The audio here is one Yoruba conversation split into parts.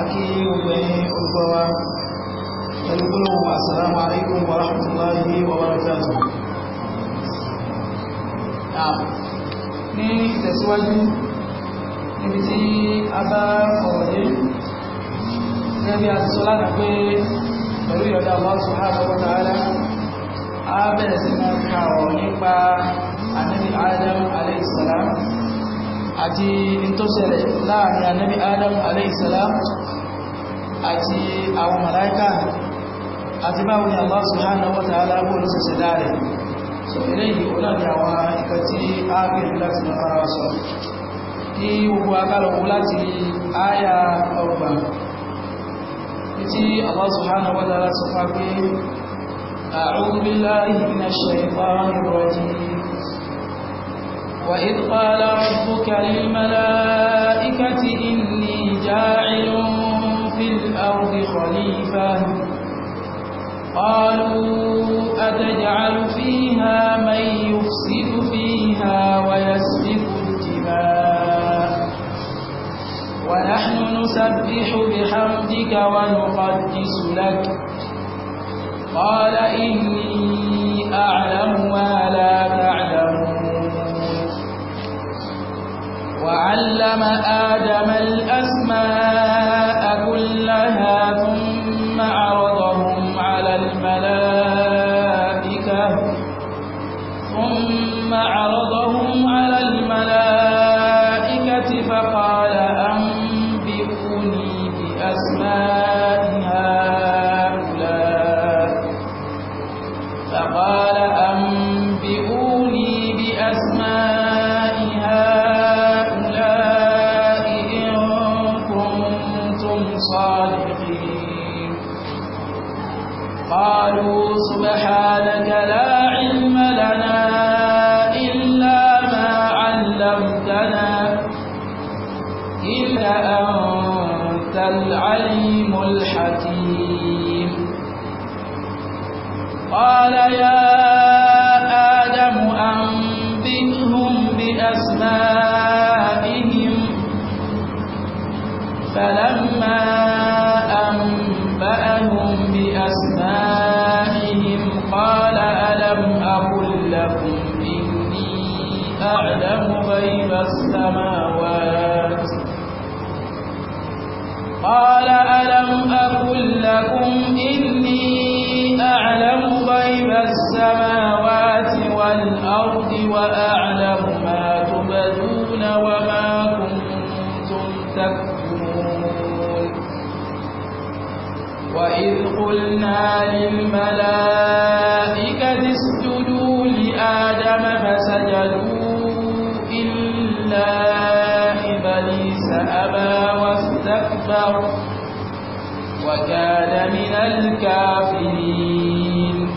akí gbogbo ẹ̀yin olùgbọ́ wa pẹ̀lú gbólóhùn assalamu alaikum wa rahmatullahi wa barakatuh ní ìtẹ̀síwájú níbi tí a bá ọ̀rọ̀ yé gẹ́gẹ́ a ti sọ lánàá pé pẹ̀lú ìyọ̀dá Allah subhanahu wa ta'ala a bẹ̀rẹ̀ sí máa ka ọ̀rọ̀ nípa anabi adam alayhi salam àti nítòsẹ̀lẹ̀ láàrin anabi adam alayhi àti àwọn màláíkà àti báwo ni Allah subhanahu wa ta'ala bóòlù ṣẹ̀ṣẹ̀ dáadẹ̀ so eléyìí ó náà ni àwọn ìkà tí a bèèrè láti mọ́ fara wa sọ kí gbogbo akálọ̀kú láti áyà ọgbà وإذ قال ربك للملائكة إني جاعل الأرض خليفة قالوا أتجعل فيها من يفسد فيها ويسفك الدماء ونحن نسبح بحمدك ونقدس لك قال إني أعلم ما لا تعلمون وعلم آدم الأسماء لها من غيب السماوات قال ألم أقل لكم إني أعلم غيب السماوات والأرض وأعلم ما تبدون وما كنتم تكتمون وإذ قلنا للملائكة استكبر وكان من الكافرين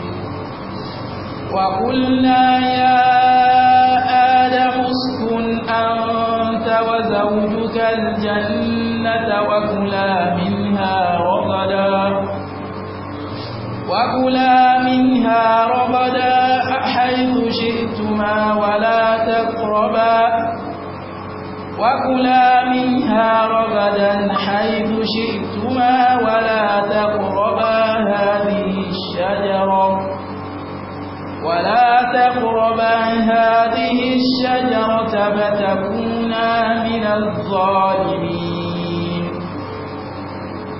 وقلنا يا آدم اسكن أنت وزوجك الجنة وكلا منها رغدا وكلا منها رغدا حيث شئتما ولا تقربا وكلا منها رغدا حيث شئتما ولا تقربا هذه الشجرة ولا تقربا هذه الشجرة فتكونا من الظالمين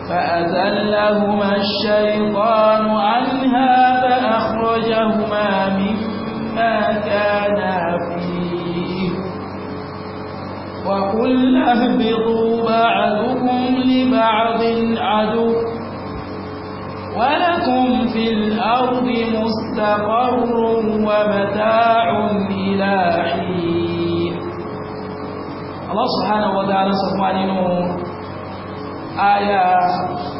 فأزلهما الشيطان عنها فأخرجهما مما كانا وقل اهبطوا بعضكم لبعض عدو ولكم في الأرض مستقر ومتاع إلى حين الله سبحانه وتعالى سبحانه آية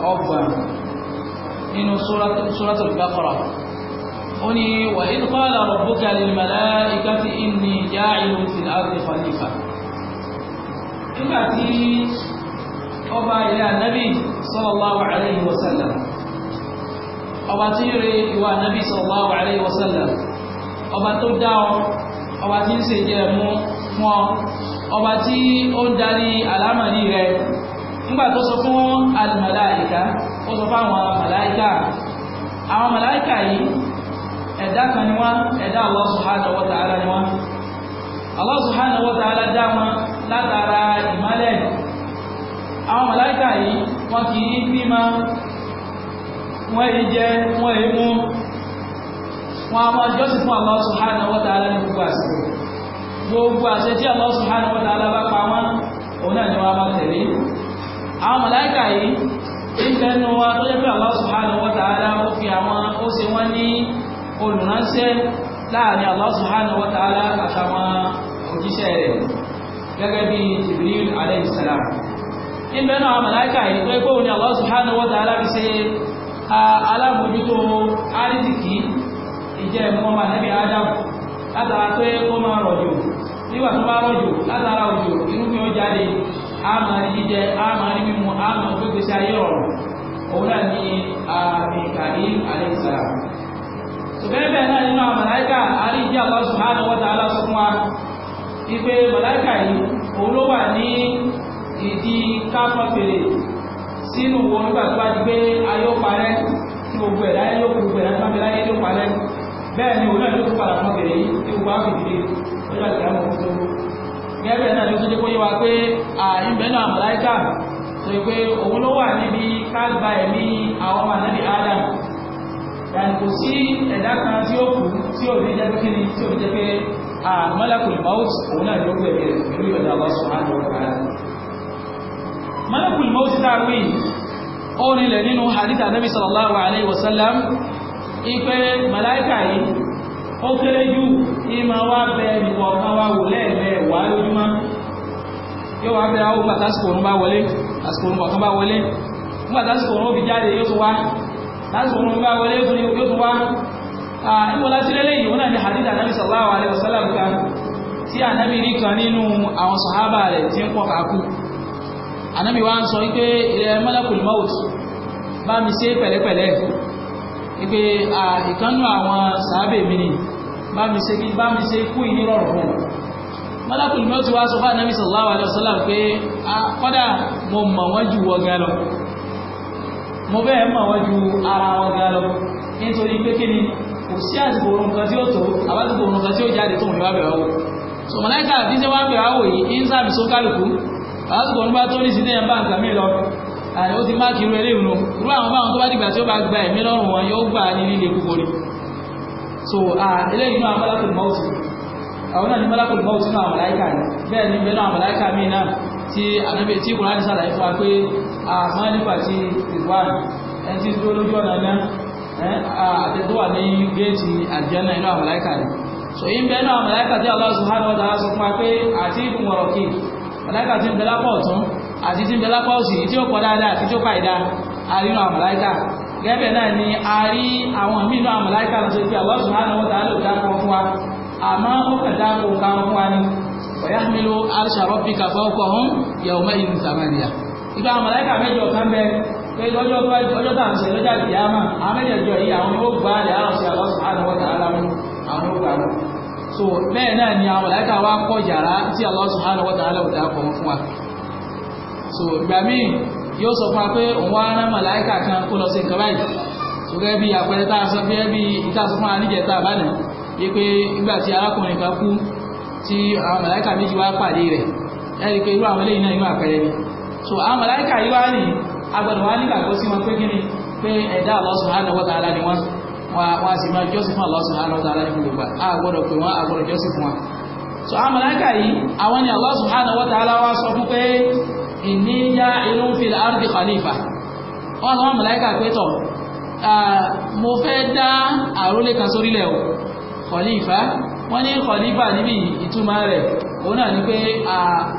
ربا من سورة, سورة البقرة قل وإذ قال ربك للملائكة إني جاعل في الأرض خليفة nígbà tí ọba ilẹ̀ ànábì sallallahu alayhi wa sallam ọba tí rẹ ìwà ànábì sallallahu alayhi wa sallam ọba tó dá ọ ọba tí ń ṣe jẹ mú fún ọ ọba tí ó ń darí àlámọ̀rí rẹ nígbà tó sọ fún al-malaika ó sọ fún àwọn màláìka àwọn màláìka yìí ẹ̀dá kan ni wọ́n ẹ̀dá Allah subhanahu wa ta'ala ni wọ́n Allah subhanahu wa ta'ala dá wọn látara ìmọ́lẹ̀ àwọn màláíkà yìí wọ́n kì í bímọ wọ́n èyí jẹ wọ́n èyí mú wọn a máa jọ́sìn fún Allah subhanahu wa ta'ala ní gbogbo àṣẹ gbogbo àṣẹ tí Allah subhanahu wa ta'ala bá pa wọn òun náà ni wọ́n a máa tẹ̀lé àwọn màláíkà yìí ìfẹ́nu wa tó jẹ́ pé Allah subhanahu wa ta'ala ó fi àwọn ó ṣe wọ́n ní olùránṣẹ́ láàrin Allah subhanahu wa àtàwọn òjíṣẹ́ rẹ̀ gẹ́gẹ́ bí Jibril alayhi salam ìbẹ̀ náà màláíkà yìí pé kóhùn ni Allah subhanahu wa ta'ala fi ṣe alábòjútó àrídìkì ìjẹ́ ẹ̀mọ́ ọmọ ànábì Adam látara pé ó máa rọ̀jò nígbà tó bá rọ̀jò látara òjò náà ni Mikail alayhi salam. sùgbẹ́bẹ̀ àwọn màláíkà àrídìkì wa wípé màláìkà yìí òun ló wà ní ìdí káfọ́fèrè sínú wọn nígbà tó bá di pé ayọ́ parẹ́ tí gbogbo ẹ̀dá yóò gbogbo ẹ̀dá tó bá fi láyé yóò parẹ́ bẹ́ẹ̀ ni òun náà ló tún padà fún ọ̀gẹ̀dẹ̀ yìí tí gbogbo àwọn ìdílé lọ́jọ́ àti àwọn ọmọ tó gẹ́gẹ́ náà ló tún jẹ́ kó yé Adam yàtọ̀ sí ẹ̀dá kan tí ó kù tí malakul maut òun náà ló gbẹ̀mí rẹ̀ pẹ̀lú ìyọ̀dá Allah subhanahu wa ta'ala malakul maut dáwì ó rinlẹ̀ nínú hadith anabi sallallahu alaihi wasallam, sallam ipe malaika yìí ó kéré jù ìmọ̀ wa bẹ nìkan kan wa wò lẹ́ẹ̀mẹ́wàá lójúmọ́ yóò wá bẹ àwọn gbàtà sìkò òun bá wọlé àsìkò òun kọ̀ọ̀kan bá wọlé gbàtà sìkò òun ó fi jáde yóò tún wá lásìkò òun bá wọlé yóò tún wá ìwọ̀n láti lẹ́lẹ́ yìí wọ́n náà ní hadith anabi sallallahu alayhi wa sallam kan tí anabi rí kan nínú àwọn sahaba rẹ̀ tí ń pọ̀ kàkú anabi wa ń sọ wípé ilẹ̀ malakul maut bá mi ṣe pẹ̀lẹ́pẹ̀lẹ́ wípé ìkànnù àwọn sàábẹ̀ mi ni bá mi ṣe kí bá mi ṣe kú yìí rọrùn fún malakul sọ fún anabi ara wọn gan lọ kò sí àsìkò oorun kan tí ó tó àbásìkò oorun kan tí ó jáde tó ń wá bẹ̀rẹ̀ wò so mọ̀láìkà àti ṣe wá bẹ̀rẹ̀ wò yìí ń sàmì sókàlùkù àbásìkò oorun bá tó ní sílẹ̀ ń bá nǹkan mi lọ àti ó ti má kiri irú àwọn báwọn tó gba ẹ̀mí lọ́rùn wọn yóò gbà ní líle so eléyìí mọ́ọ̀tì àwọn náà ní mọ́ọ̀tì bẹ́ẹ̀ ni bẹ́ẹ̀ náà náà tí tí sàlàyé fún wa pé àmọ́ nípa ti ìwà ẹni Eh, àtẹ̀tọ́wà ní géètì àjẹ́nà inú àmàláìkà ni so in bẹ́ẹ̀ náà àmàláìkà tí Allah subhanahu wa sọ fún wa pé àti ìbùmọ̀rọ̀ kì àmàláìkà tí ń bẹ lápá ọ̀tún àti tí ń bẹ lápá òsì tí ó pọ̀ dáadáa àti tí ó pàìdá àrínú àmàláìkà gẹ́gẹ́ náà ni a rí àwọn mínú àmàláìkà tó fi Allah subhanahu fún wa àmọ́ ó fún wa pẹ̀lú ọjọ́ ọjọ́ tá à ń ṣe lọ́jà kìyàmà àwọn mẹ́jẹ̀jọ yìí àwọn ni ó gbà á lè àwọn ṣe àwọn sùhánù wọ́n tà á lámú àwọn ó gbà á so bẹ́ẹ̀ náà ni àwọn ọ̀làkà wa kọ́ yàrá tí àwọn sùhánù wọ́n tà á lámú tà á kọ́ fún wa so ìgbà míì yóò sọ fún wa pé òun wá rán màláìkà kan kó lọ sí nǹkan báyìí so gẹ́gẹ́ bí àpẹẹrẹ tá a sọ gẹ́gẹ́ bí ìta sọ fún wa níjẹta àbánà yí pé nígbà tí so àwọn màláìkà yìí wá nìyí agbọ́dọ̀ wá nígbàgbọ́ sí wọn pé kí ni pé ẹ̀dá Allah subhanahu wa ta'ala ni wọ́n a sì máa jọ́sìn fún Allah subhanahu wa ta'ala ní gbogbo a gbọ́dọ̀ pé wọ́n a gbọ́dọ̀ jọ́sìn fún wọn. so amọ̀láka yìí àwọn ni Allah subhanahu wa ta'ala wá sọ fún pé inni ja'ilun fil ardi khalifa wọ́n sọ amọ̀láka pé tọ̀ mo fẹ́ dá àrólé kan sórílẹ̀ o khalifa wọ́n ní khalifa níbi ìtumọ̀ rẹ̀ òun náà ni pé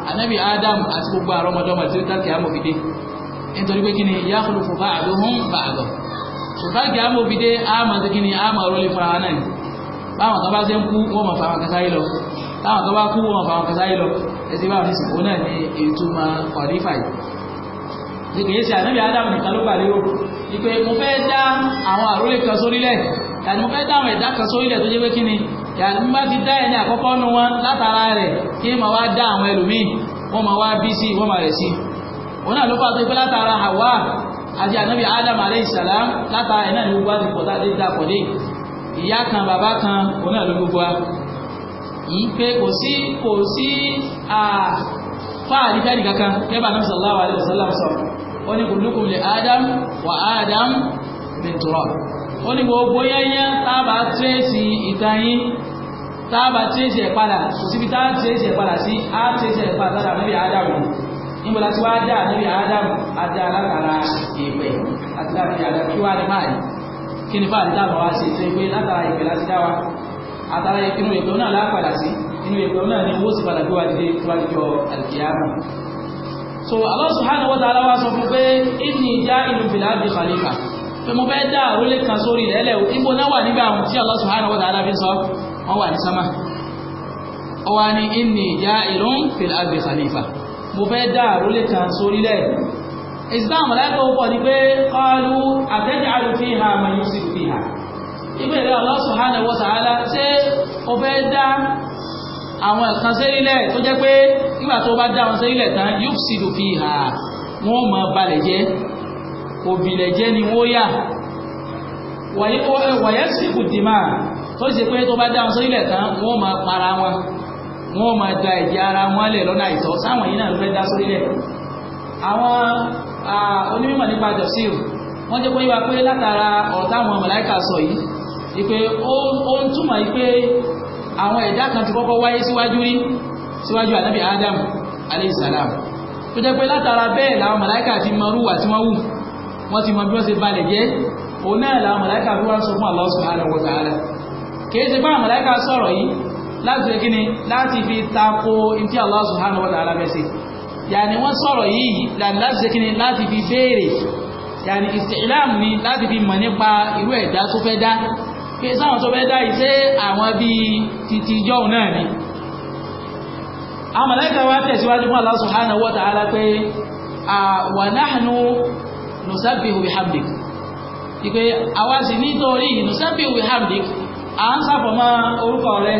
anabi adam àti gbogbo àrọ́mọdọ́mọ tí ó dákẹ́ àmọ̀fídé nítorí pé kí ni yàkùlù fún bá àdóhùn bá àdó ṣùgbọ́n kí á mọ̀ fi dé àmà tó kí ni àmà rọlé fara náà ni báwọn kan bá ṣe ń kú wọ́n mọ̀ fáwọn kan sáyé lọ báwọn kan bá kú wọ́n mọ̀ fáwọn kan sáyé lọ ẹsẹ̀ báwọn ní sìnkú náà ni ètò máa kọ̀lífà yìí ní kìí ṣe ànábì ádámù nìkan ló pàdé o ìpè mo fẹ́ dá àwọn àrólé kan sórílẹ̀ yàtí mo fẹ́ dá àwọn ẹ̀dá kan sórílẹ̀ tó jẹ́ pé kí ni yàtí mo bá ti dá ẹni àkọ́kọ́ nu wọn látara rẹ̀ kí ni màá wá dá àwọn ẹlòmíì wọ́n máa wá bí sí wọ́n máa rẹ̀ sí i òun náà ló fà tó pé látara Hawa àti ànábì Adam alayhi salam látara ẹ̀ náà ní gbogbo àti pọ̀tà dé dà pọ̀dé ìyá kan bàbá kan òun náà ló gbogbo wa yìí pé kò sí kò sí fáàrí fẹ́ẹ̀nì kankan kẹ́bà náà sallallahu alayhi wa sallam sọ ó ní kullukum li Adam wa Adam min turab ó ní gbogbo yẹ́yẹ́ tábà tírèsì ìtayín tábà tírèsì ẹ̀ padà kò síbi tá tírèsì ẹ̀ padà sí á tírèsì ẹ̀ padà lára níbi àádáwò níbo la ti wá dá níbi àádámù àti alákàrà ìpè àti láti àdá kí wá ní máàlì kí ni fáàlì dáàmú wá sí ṣe pé látara ìpè láti dá wa àtàrà inú ìpè náà lápàdà sí inú ìpè náà ni owó sì padà bí wá dé wájú jọ so Allah subhanahu wa ta'ala sọ fún pé inni ja'ilun fil ardi khalifa pé mo fẹ́ dá àrólé kan sórí ilẹ̀ ibo náà wà níbi àwọn tí Allah subhanahu wa ta'ala sọ wọn wà ní sámà ó wá ní inni ja'ilun fil ardi khalifa mo fẹ́ dá àrólé kan sórílẹ̀ islam láìpẹ́ ó pọ̀ ní pé qalu ataj'alu fiha man yusifu fiha ìbéèrè Allah subhanahu wa ta'ala ṣé o fẹ́ dá àwọn ẹ̀kan sẹ́rílẹ̀ tó jẹ́ pé nígbà tó bá dá àwọn sẹ́rílẹ̀ tán yufsidu fiha wọ́n máa balẹ̀ jẹ́ òbílẹ̀ jẹ́ ni wọ́n yà wàyẹ́sìkù dìmá tó ṣe pé tó bá dá àwọn sẹ́rílẹ̀ tán wọ́n máa para wọn. wọ́n máa da ẹ̀jẹ̀ ara wọn lẹ̀ lọ́nà àìsàn sáwọn yìí náà ló fẹ́ dá sórí rẹ̀ àwọn onímọ̀ nípa wọ́n jẹ́ pé wá pé látara ọ̀rọ̀ táwọn màláíkà sọ yìí ìpè ó ń túmọ̀ yìí pé àwọn ẹ̀dá kan Adam tó jẹ́ pé látara bẹ́ẹ̀ làwọn ti mọ tí wọ́n wù wọ́n ti mọ bí wọ́n ṣe balẹ̀ jẹ́ òun náà làwọn fi wá sọ fún láti lè kíni láti fi tako ntí Allah subhanahu wa ta'ala bẹ́ẹ̀ sí yàní wọ́n sọ̀rọ̀ yìí láti lè kíni láti fi béèrè yàní ìsìlámù ni láti fi mọ̀ nípa irú ẹ̀dá tó fẹ́ dá pé sáwọn tó fẹ́ dá yìí ṣé àwọn bíi titi jọ́hùn náà ni àwọn màláíkà wa tẹ̀síwájú fún Allah subhanahu wa ta'ala pé wa nahnu nusabbihu bihamdik ìpè àwa sì nítorí nusabbihu bihamdik à ń sàfọ̀mọ́ orúkọ rẹ̀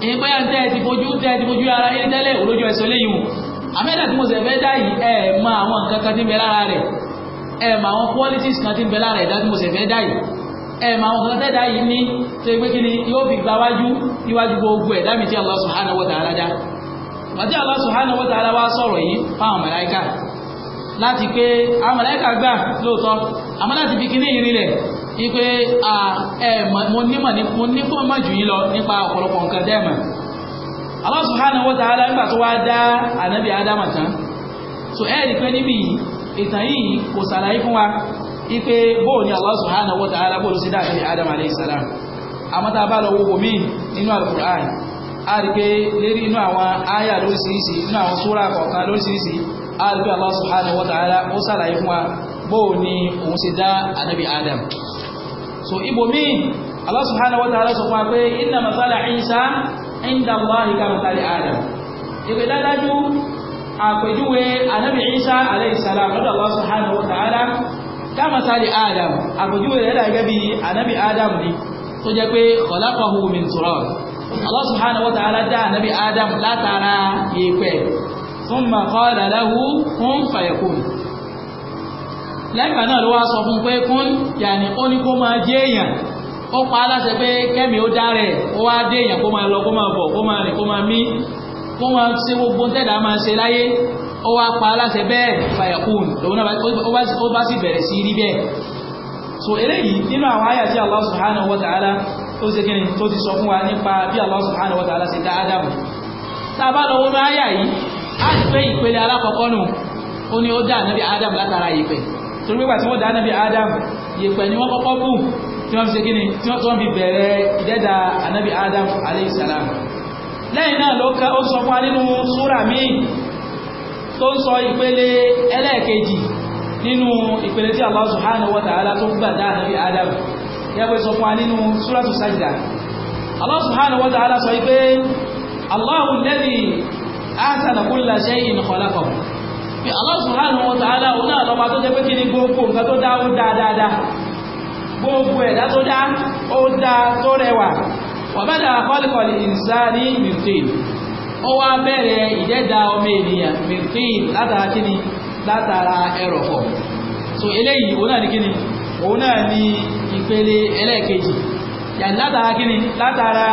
e pé à ń tẹ́ ẹ ti fojú tẹ́ ẹ ti fojú ara yín tẹ́lẹ̀ olójú ẹ̀sọ́ léyìn o àmẹ́ta tí mo sì fẹ́ dá yìí ẹ mọ àwọn nǹkan kan ń bẹ lára rẹ̀ mọ àwọn qualities kan ń bẹ lára tí mo sì fẹ́ dá yìí mọ àwọn nǹkan yìí ní pé kí ni yóò fi gba wájú iwájú gbogbo tí Allah subhanahu wa ta'ala dá wàtí wa ta'ala wá sọ̀rọ̀ yìí fáwọn láti pé àwọn gbà ipe mo nímọ̀ mo ní fún mọ̀ jù yín lọ nípa ọ̀pọ̀lọpọ̀ nǹkan dẹ́mọ̀ Allah subhanahu wa ta'ala nígbà tó wá dá ànábì tán so ẹ rí pé níbi ìtàn yìí kò sàlàyé fún wa ipe bóò ni Allah subhanahu wa ta'ala bóò ló sì dá ànábì ádámà alayhi salam a bá lọ wo omi nínú al-Qur'an a rí pé lérí inú àwọn áyà lóríṣiríṣi inú àwọn súra kọ̀ọ̀kan lóríṣiríṣi a rí pé wa ó sàlàyé fún wa so ibomi Allah subhanahu wa ta'ala sọ fún wa pé inna masala Isa inda Allahi ka masali Adam ìpè dájú àpèjúwe anabi Isa alayhi salam lọ́dọ̀ Allah subhanahu wa ta'ala ká masali Adam àpèjúwe rẹ̀ dàgẹ́ bí anabi Adam ni tó jẹ́ pé khalaqahu min turab Allah subhanahu wa ta'ala dá anabi Adam látara ìpè thumma qala lahu kun fayakun lẹ́gbàá náà ló wá sọ fún pé kún yàní ó ní kó máa jẹ́ èèyàn ó pa aláṣẹ pé kẹ́mi ó dárẹ̀ ó wá dé èèyàn kó máa lọ kó máa bọ̀ kó máa rìn kó máa mí kó máa ṣe gbogbo tẹ́dà máa ṣe láyé ó wá pa aláṣẹ bẹ́ẹ̀ fàyàkùn lòun ó bá sì bẹ̀rẹ̀ sí rí bẹ́ẹ̀ so eléyìí nínú àwọn àyà tí Allah subhanahu wa ta'ala tó ṣe kíni tó ti sọ fún wa nípa bí Allah subhanahu wa ta'ala ṣe dá Ádámù tá a bá lọ wọnú àyà yìí á ti pé ìpele alákọ̀ọ́kọ́ nù ó ní ó dá ànábì Ádámù látara ìpè torí pé tí wọ́n dá anábì Adam yèpẹ̀ ni wọ́n kọ́kọ́ bù tí wọ́n fi ṣe kíni tí wọ́n fi bẹ̀rẹ̀ ìdẹ́dà anábì Adam alayhi salam lẹ́yìn náà ló ká ó sọ fún wa nínú súrà míì tó ń sọ ìpele ẹlẹ́ẹ̀kejì nínú ìpele tí Allah subhanahu wa ta'ala tó gbà dá anábì Adam yẹ́pẹ́ sọ fún wa nínú súratu sajda Allah subhanahu wa ta'ala sọ pé Allahu alladhi ahsana kulla shay'in khalaqahu pé Allah subhanahu wa ta'ala òun náà lọ́ba tó jẹ́ pé kí da gbogbo nǹkan tó dá ó dá dáadáa gbogbo ẹ̀dá tó dá ó dá tó rẹwà wa bada'a khalqal insani min tin ó wá bẹ̀rẹ̀ ìdẹ́dà ọmọ ènìyàn látara kí ni látara ẹrọ̀fọ̀ so eléyìí òun náà ni kí ni òun náà ni ìpele ẹlẹ́ẹ̀kejì látara kí ni látara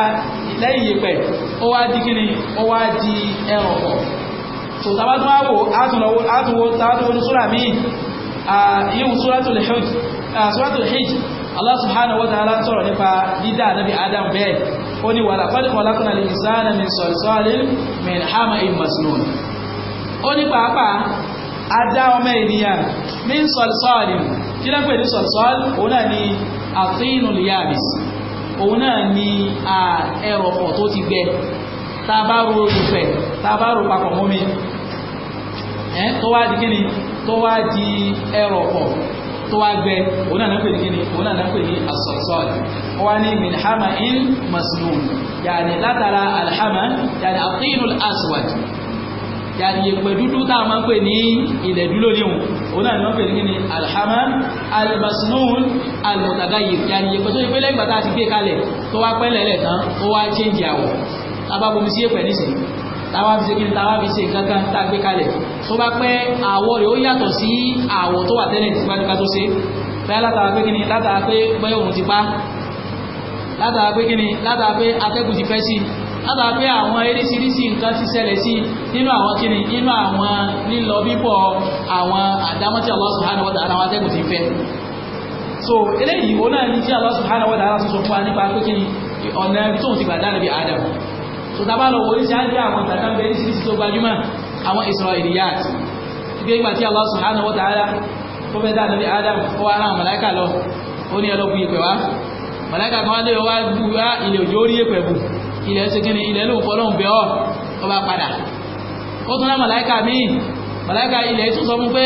lẹ́yìn so tabatun awo atunawo atuwo tatuwo sura mi yíò suratul hijj suratul hijj Allah subhanahu wa ta'ala sọ̀rọ̀ nípa dídá nabi adam bẹ́ẹ̀ ó ní wàlá fọ́dí kọ́ lákùnà lè sáànà min sọ̀rọ̀sọ́rin min hama in masnun ó ní pàápàá adá ọmọ ènìyàn min sọ̀rọ̀sọ́rin kí náà pè ní sọ̀rọ̀sọ́rin òun náà ni àtínú liyabis òun tá a bá ro olùfẹ́ tá a bá ro papọ̀ mọ́mi ẹ́ tó wá di kíni tó wá di ẹrọ pọ̀ tó wá gbẹ òun náà pè ní kíni òun náà pè ní asọ̀sọ̀ọ̀lì wọ́n wá ní minhama in masnun yàní látara alhama yàní atinul aswad yàní yẹ̀pẹ̀ dúdú tá a máa ń pè ní ilẹ̀ dúró níwọ̀n òun náà ni wọ́n pè ní kíni alhama almasnun almutagayyir yàní yẹ̀pẹ̀ tó yẹ pé lẹ́gbàá tá gbé kalẹ̀ tó wá pẹ́lẹ̀ lẹ̀ tán tó wá change tababomi sí èpẹ̀ nísìnyí táwa fi ṣe kí ni táwa fi ṣe kankan tá a gbé kalẹ̀ tó bá pẹ́ àwọ̀ rẹ̀ ó yàtọ̀ sí àwọ̀ tó wà tẹ́lẹ̀ nípa tó ṣe bẹ́ẹ̀ látara pé kí ni látara pé bẹ́ẹ̀ òun ti pa látara pé kí ni látara pé atẹ́kùn ti fẹ́ sí látara pé àwọn eríṣiríṣi nǹkan ti ṣẹlẹ̀ sí nínú àwọn kí ni nínú àwọn lílọ bíbọ̀ àwọn àdámọ́tí Allah subhanahu wa ta'ala àwọn atẹ́kùn ti fẹ́ so eléyìí òun náà ní tí Allah subhanahu wa ta'ala sọ fún wa nípa pé kí ni ọ̀nà ibi tóun ti gbà dára bí Adam sọtaba lọ wọlé ṣáájú àwọn tàtà bẹ ní sísí tó gbajúmọ̀ àwọn Israiliyat gbé ìgbà tí Allah subhanahu wa ta'ala ó fẹ́ dáa níbi Adam ó wá ara màláìka lọ ó ní ẹlọ́gbù yìí pẹ̀ wá màláìka kan wá lé wá gbú wá ilẹ̀ òjò orí èpẹ̀ bù ilẹ̀ ṣe kí ni ilẹ̀ ló ń fọlọ́ bẹ́ ọ ó bá padà ó tún ná màláìka míì màláìka ilẹ̀ tó sọ fún pé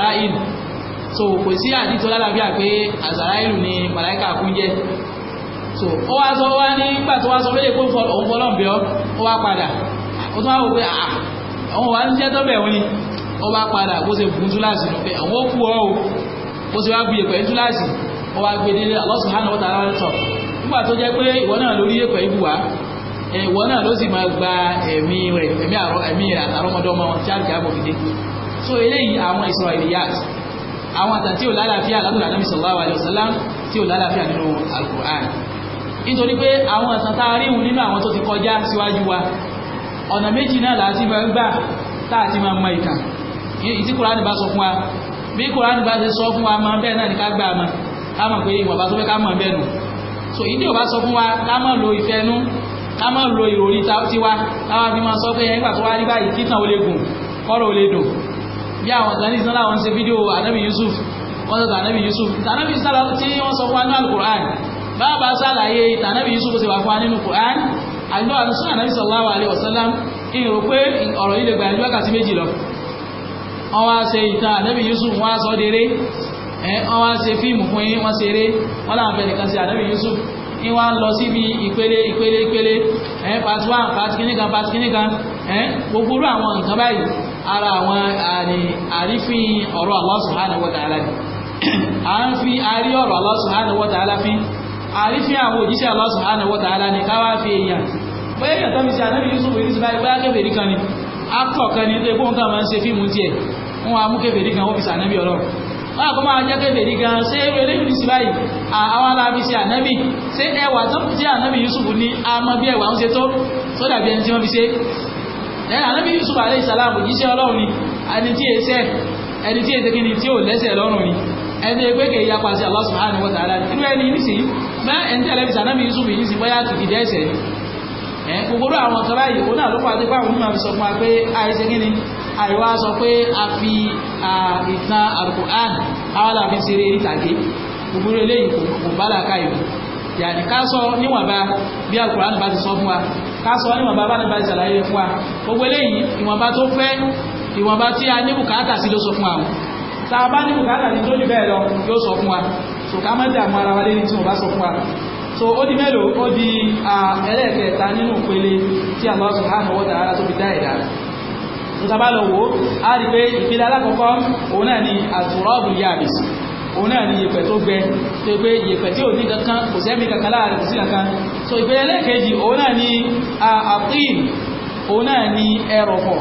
ah, so kò sí àdìtò lálàbíà pé àzàrà ìlú ni màláìka so ó wá sọ wá nígbà tó wá sọ òun bíọ́ ó wá padà ó tún wá wò pé àà ah, àwọn ń jẹ́ ni ó wá padà bó ṣe bùn túláàsì nù pé àwọn ó kú ọ́ o bó ṣe wá gbé pẹ̀lú túláàsì ó wá gbé délé Allah subhanahu wa ta'ala sọ nígbà tó jẹ́ pé ìwọ náà lórí èpè ìwọ náà ló gba ẹ̀mí rẹ̀ ẹ̀mí tí àgbà àwọn àtàn tí ò lálàáfíà látọ̀dọ̀ Ànábì sallallahu alaihi wasallam tí ò lálàáfíà nínú Al-Qur'an nítorí pé àwọn àtàn tá a ríhun nínú àwọn tó ti kọjá síwájú wa ọ̀nà méjì náà láti máa gbà tá a ti máa mọ ìkà ìtí Kùránì bá sọ fún wa bí Kùránì bá ti sọ fún wa máa bẹ́ẹ̀ náà ní ká gbà á máa ká mọ̀ pé ìwọ̀nba tó fẹ́ ká mọ̀ bẹ́ẹ̀ nù so ìdí ò bá sọ fún wa ká má lo ìfẹ́ nú ká má lo ìròrí tiwa káwá fi máa sọ pé ẹgbà tó wá rí báyìí kíkan ó lè gùn kọ́rọ̀ ó lè dùn bí àwọn ìsàlẹ̀ ìsàlẹ̀ àwọn ṣe fídíò anabi yusuf wọ́n sọ̀tọ̀ anabi yusuf tànàbí sàlà tí wọ́n sọ fún anúal quran bábà sàlàyé tànàbí yusuf ṣe wà fún anínú quran àjọ àdúsùn anabi sallallahu alaihi wasallam ìrò pé ọ̀rọ̀ yìí lè gbà ẹjọ́ kàtí méjì lọ wọ́n wá ṣe ìtàn anabi yusuf wọ́n á sọ déré wọ́n wá ṣe fíìmù fún yín wọ́n ṣeré wọ́n láwọn fẹ́ nìkan ṣe anabi yusuf ń wá lọ síbi ìpele ìpele ìpele ẹ̀ part one part kìíní kan part kìíní kan ẹ̀ gbogbo irú àwọn nǹkan báyìí ara àwọn àrífín ọ̀rọ̀ Allah subhanahu wa ta'ala ni à ń fi àrí ọ̀rọ̀ Allah subhanahu wa ta'ala fi àrífín àwọn òjíṣẹ́ Allah subhanahu wa ta'ala ni káwá fi èèyàn bóyá èèyàn tó fi ṣe ànábì Yusuf ìrísí báyìí bóyá kébèrè kan ni akọ̀ kan ni tó ebó nǹkan máa ń ṣe fíìmù tiẹ̀ wọn wá mú kébèrè kan ó fi ṣànábì ọlọ́run wọ́n àkọ́ máa jẹ́ kébèrè gan ṣé eléyìí ní síbáyìí àwọn alábi ṣe ànábì ṣé ẹwà tó ti ànábì Yusuf ní àmọ́ bí ẹwà ń ṣe tó tó dàbí ẹni tí wọ́n fi ṣe ẹ̀yìn ànábì Yusuf alayhi salam jíṣẹ́ ọlọ́run ni ẹni tí èsẹ́ ẹni tí èsẹ́ kíni tí ò lẹ́sẹ̀ lọ́rùn ni ẹni pé kè ya pàṣẹ Allah subhanahu wa ta'ala irú ẹni nísìnyí mẹ́ ẹni àìwá sọ pé a fi ìtàn alukur'an awàlà fi ṣeré ìtàgé gbogbo eléyìí kò bá làákà ìlú yàní ká sọ níwọ̀nba bí alukur'an bá ti sọ fún wa ká sọ níwọ̀nba bá nípa ìṣàlàyé fún wa gbogbo eléyìí ìwọ̀nba tó fẹ́ ìwọ̀nba tí a ní bùkátà sí ló sọ fún wa tá a bá ní bùkátà sí tó bẹ́ẹ̀ lọ yóò sọ fún wa so ká má dààmú ara wa lẹ́yìn tí wọ́n bá sọ fún wa so ó di mélòó ó di ẹlẹ́ẹ̀kẹta nínú ìpele tí Allah subhanahu wa ta'ala tó fi dá ẹ̀dá tàbálọ̀ wo a rí pé ìpele alákọ̀ọ́kọ́ òun náà ni àtúrọ́ọ̀bù yabis òun náà ni yèpẹ̀ tó gbẹ tó pé yèpẹ̀ tí ò ní kankan kò sẹ́mi kankan láàrin sí kankan so ìpele ẹlẹ́ẹ̀kejì òun náà ni àpín òun náà ni ẹrọ̀fọ̀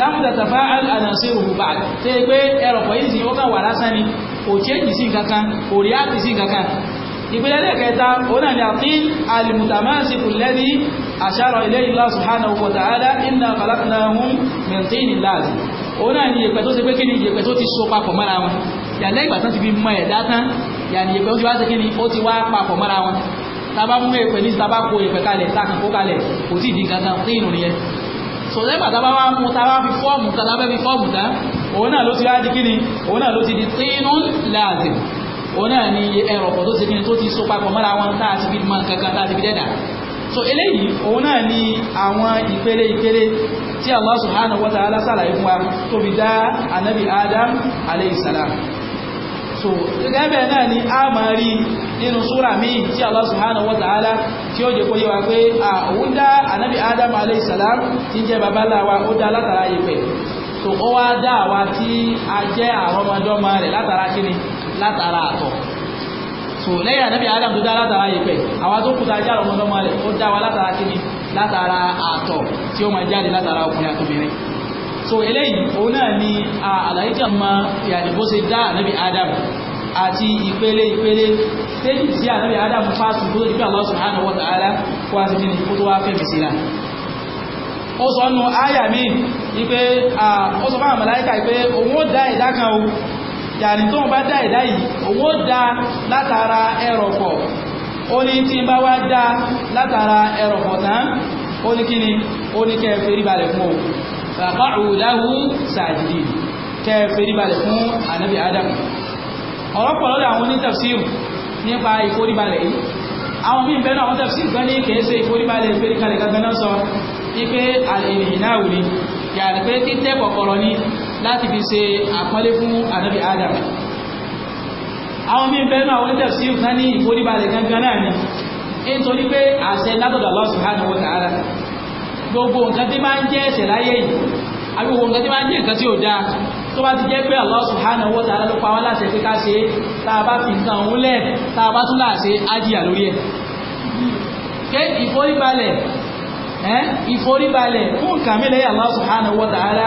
lámùtàtàfà àdànsí òhùbà tó pé ẹrọ̀fọ̀ yìí sì ó kàn wà lásán ni kò chéjì sí kankan kò rí áàpì sí kankan ìpínlẹ̀ lẹ́kẹta òun náà ni àtíl alìmùtàmáàsìkù lẹ́dí àṣàrọ̀ ilé Allah subhanahu wa ta'ala inna khalaqnahum min tinin lazim òun náà ni ìyẹ̀pẹ̀ tó ṣe pé kí ni ìyẹ̀pẹ̀ tó ti so papọ̀ mọ́ra wọn yàtọ̀ ìgbà tán ti fi mọ ẹ̀dá tán yàtọ̀ ìyẹ̀pẹ̀ tó ti wá ṣe kí ni ó ti wá papọ̀ mọ́ra wọn tàbá mú ìyẹ̀pẹ̀ ní tàbá kó ìyẹ̀pẹ̀ kalẹ̀ táàkì kó kalẹ̀ kò tí ì tán tí ìrùn nìyẹn sọ̀lẹ́gbà tàbá wá mú tàbá fi fọ́ọ̀mù tàbá fi fọ́ọ̀mù tán òun náà ló ti wá di kí ni òun náà ló ti di tínú láàzìm òun náà ni ẹrọ ọ̀pọ̀ tó ti kí ni tó ti so papọ̀ mọ́ra wọn tá a ti fi mọ kankan tá a ti fi dẹ́dà so eléyìí òun náà ni àwọn ìpele ìpele tí Allah subhanahu wa ta'ala sàlàyé fún wa tó fi dá anabi Adam alayhi salam so gẹ́gẹ́ bẹ́ẹ̀ náà ni a máa rí nínú súra míì tí Allah subhanahu wa ta'ala tí ó jẹ́ kó yé wa pé òun dá anabi Adam alayhi salam tí ń jẹ́ babaláwa ó dá látara ìpè so ó wá dá àwa tí a jẹ́ àrọ́mọdọ́mọ rẹ̀ látara kíni látara àtọ̀ so lẹ́yìn ànábì adam tó dá látara yẹ̀pẹ̀ àwa tó kúta jáde ọmọ ọmọ rẹ̀ ó dá wa látara kíni látara àtọ̀ tí ó máa jáde látara ọkùnrin àtòmìnrin so eléyìí òun náà ni àlàyé tí a máa yàtọ̀ bó ṣe dá ànábì adam àti ìpele ìpele stéjì tí ànábì adam fásitì tó ti pé Allah subhanahu wa ta'ala kó a ti fi ní kó tó wá fẹ́mi sí la ó sọ nù áyà mi ìpè ó sọ fún àmàláyíkà ìpè òun ó dá ìdá kan o yàní tóun bá dá ẹ̀dá yìí òun da dá látara ẹrọ̀pọ̀ ó ní tí n bá wá dá látara ẹrọ̀pọ̀ tán ó ní kíni ó ní kẹ́ ẹ fẹ́rí balẹ̀ fún o bàbá òwúláwù sàdìdì kẹ́ ẹ fẹ́rí balẹ̀ fún ànábì Adam ọ̀rọ̀pọ̀ lọ́dọ̀ àwọn onítafsírù nípa ìforíbalẹ̀ yìí àwọn míì bẹ́ẹ̀ náà àwọn tafsírù gan ní kìí ṣe ìforíbalẹ̀ ìforíkalẹ̀ gangan náà sọ wípé àlè ìnáwó ni yàrá pé títẹ́ kọ̀kọ̀rọ̀ ni láti fi ṣe àpọ́nlé fún ànábì Adam àwọn míì bẹ́ẹ̀ náà wọlé tẹ̀sí ìfún ní ìforíbalẹ̀ gangan náà ni nítorí pé àṣẹ látọ̀dọ̀ Allah subhanahu wa ta'ala gbogbo nǹkan tí máa ń jẹ́ ẹ̀ṣẹ̀ láyé yìí agbègbè nǹkan tí máa ń jẹ́ nǹkan tí ò dáa tó bá ti jẹ́ pé Allah subhanahu wa ta'ala ló pa wá láṣẹ pé ká ṣe é tá a bá fi nǹkan òun lẹ̀ tá a bá tún láṣẹ ájìyà lórí ẹ̀ ké ìforíbalẹ̀ ìforíbalẹ̀ fún nǹkan mi lẹ́yìn Allah subhanahu wa ta'ala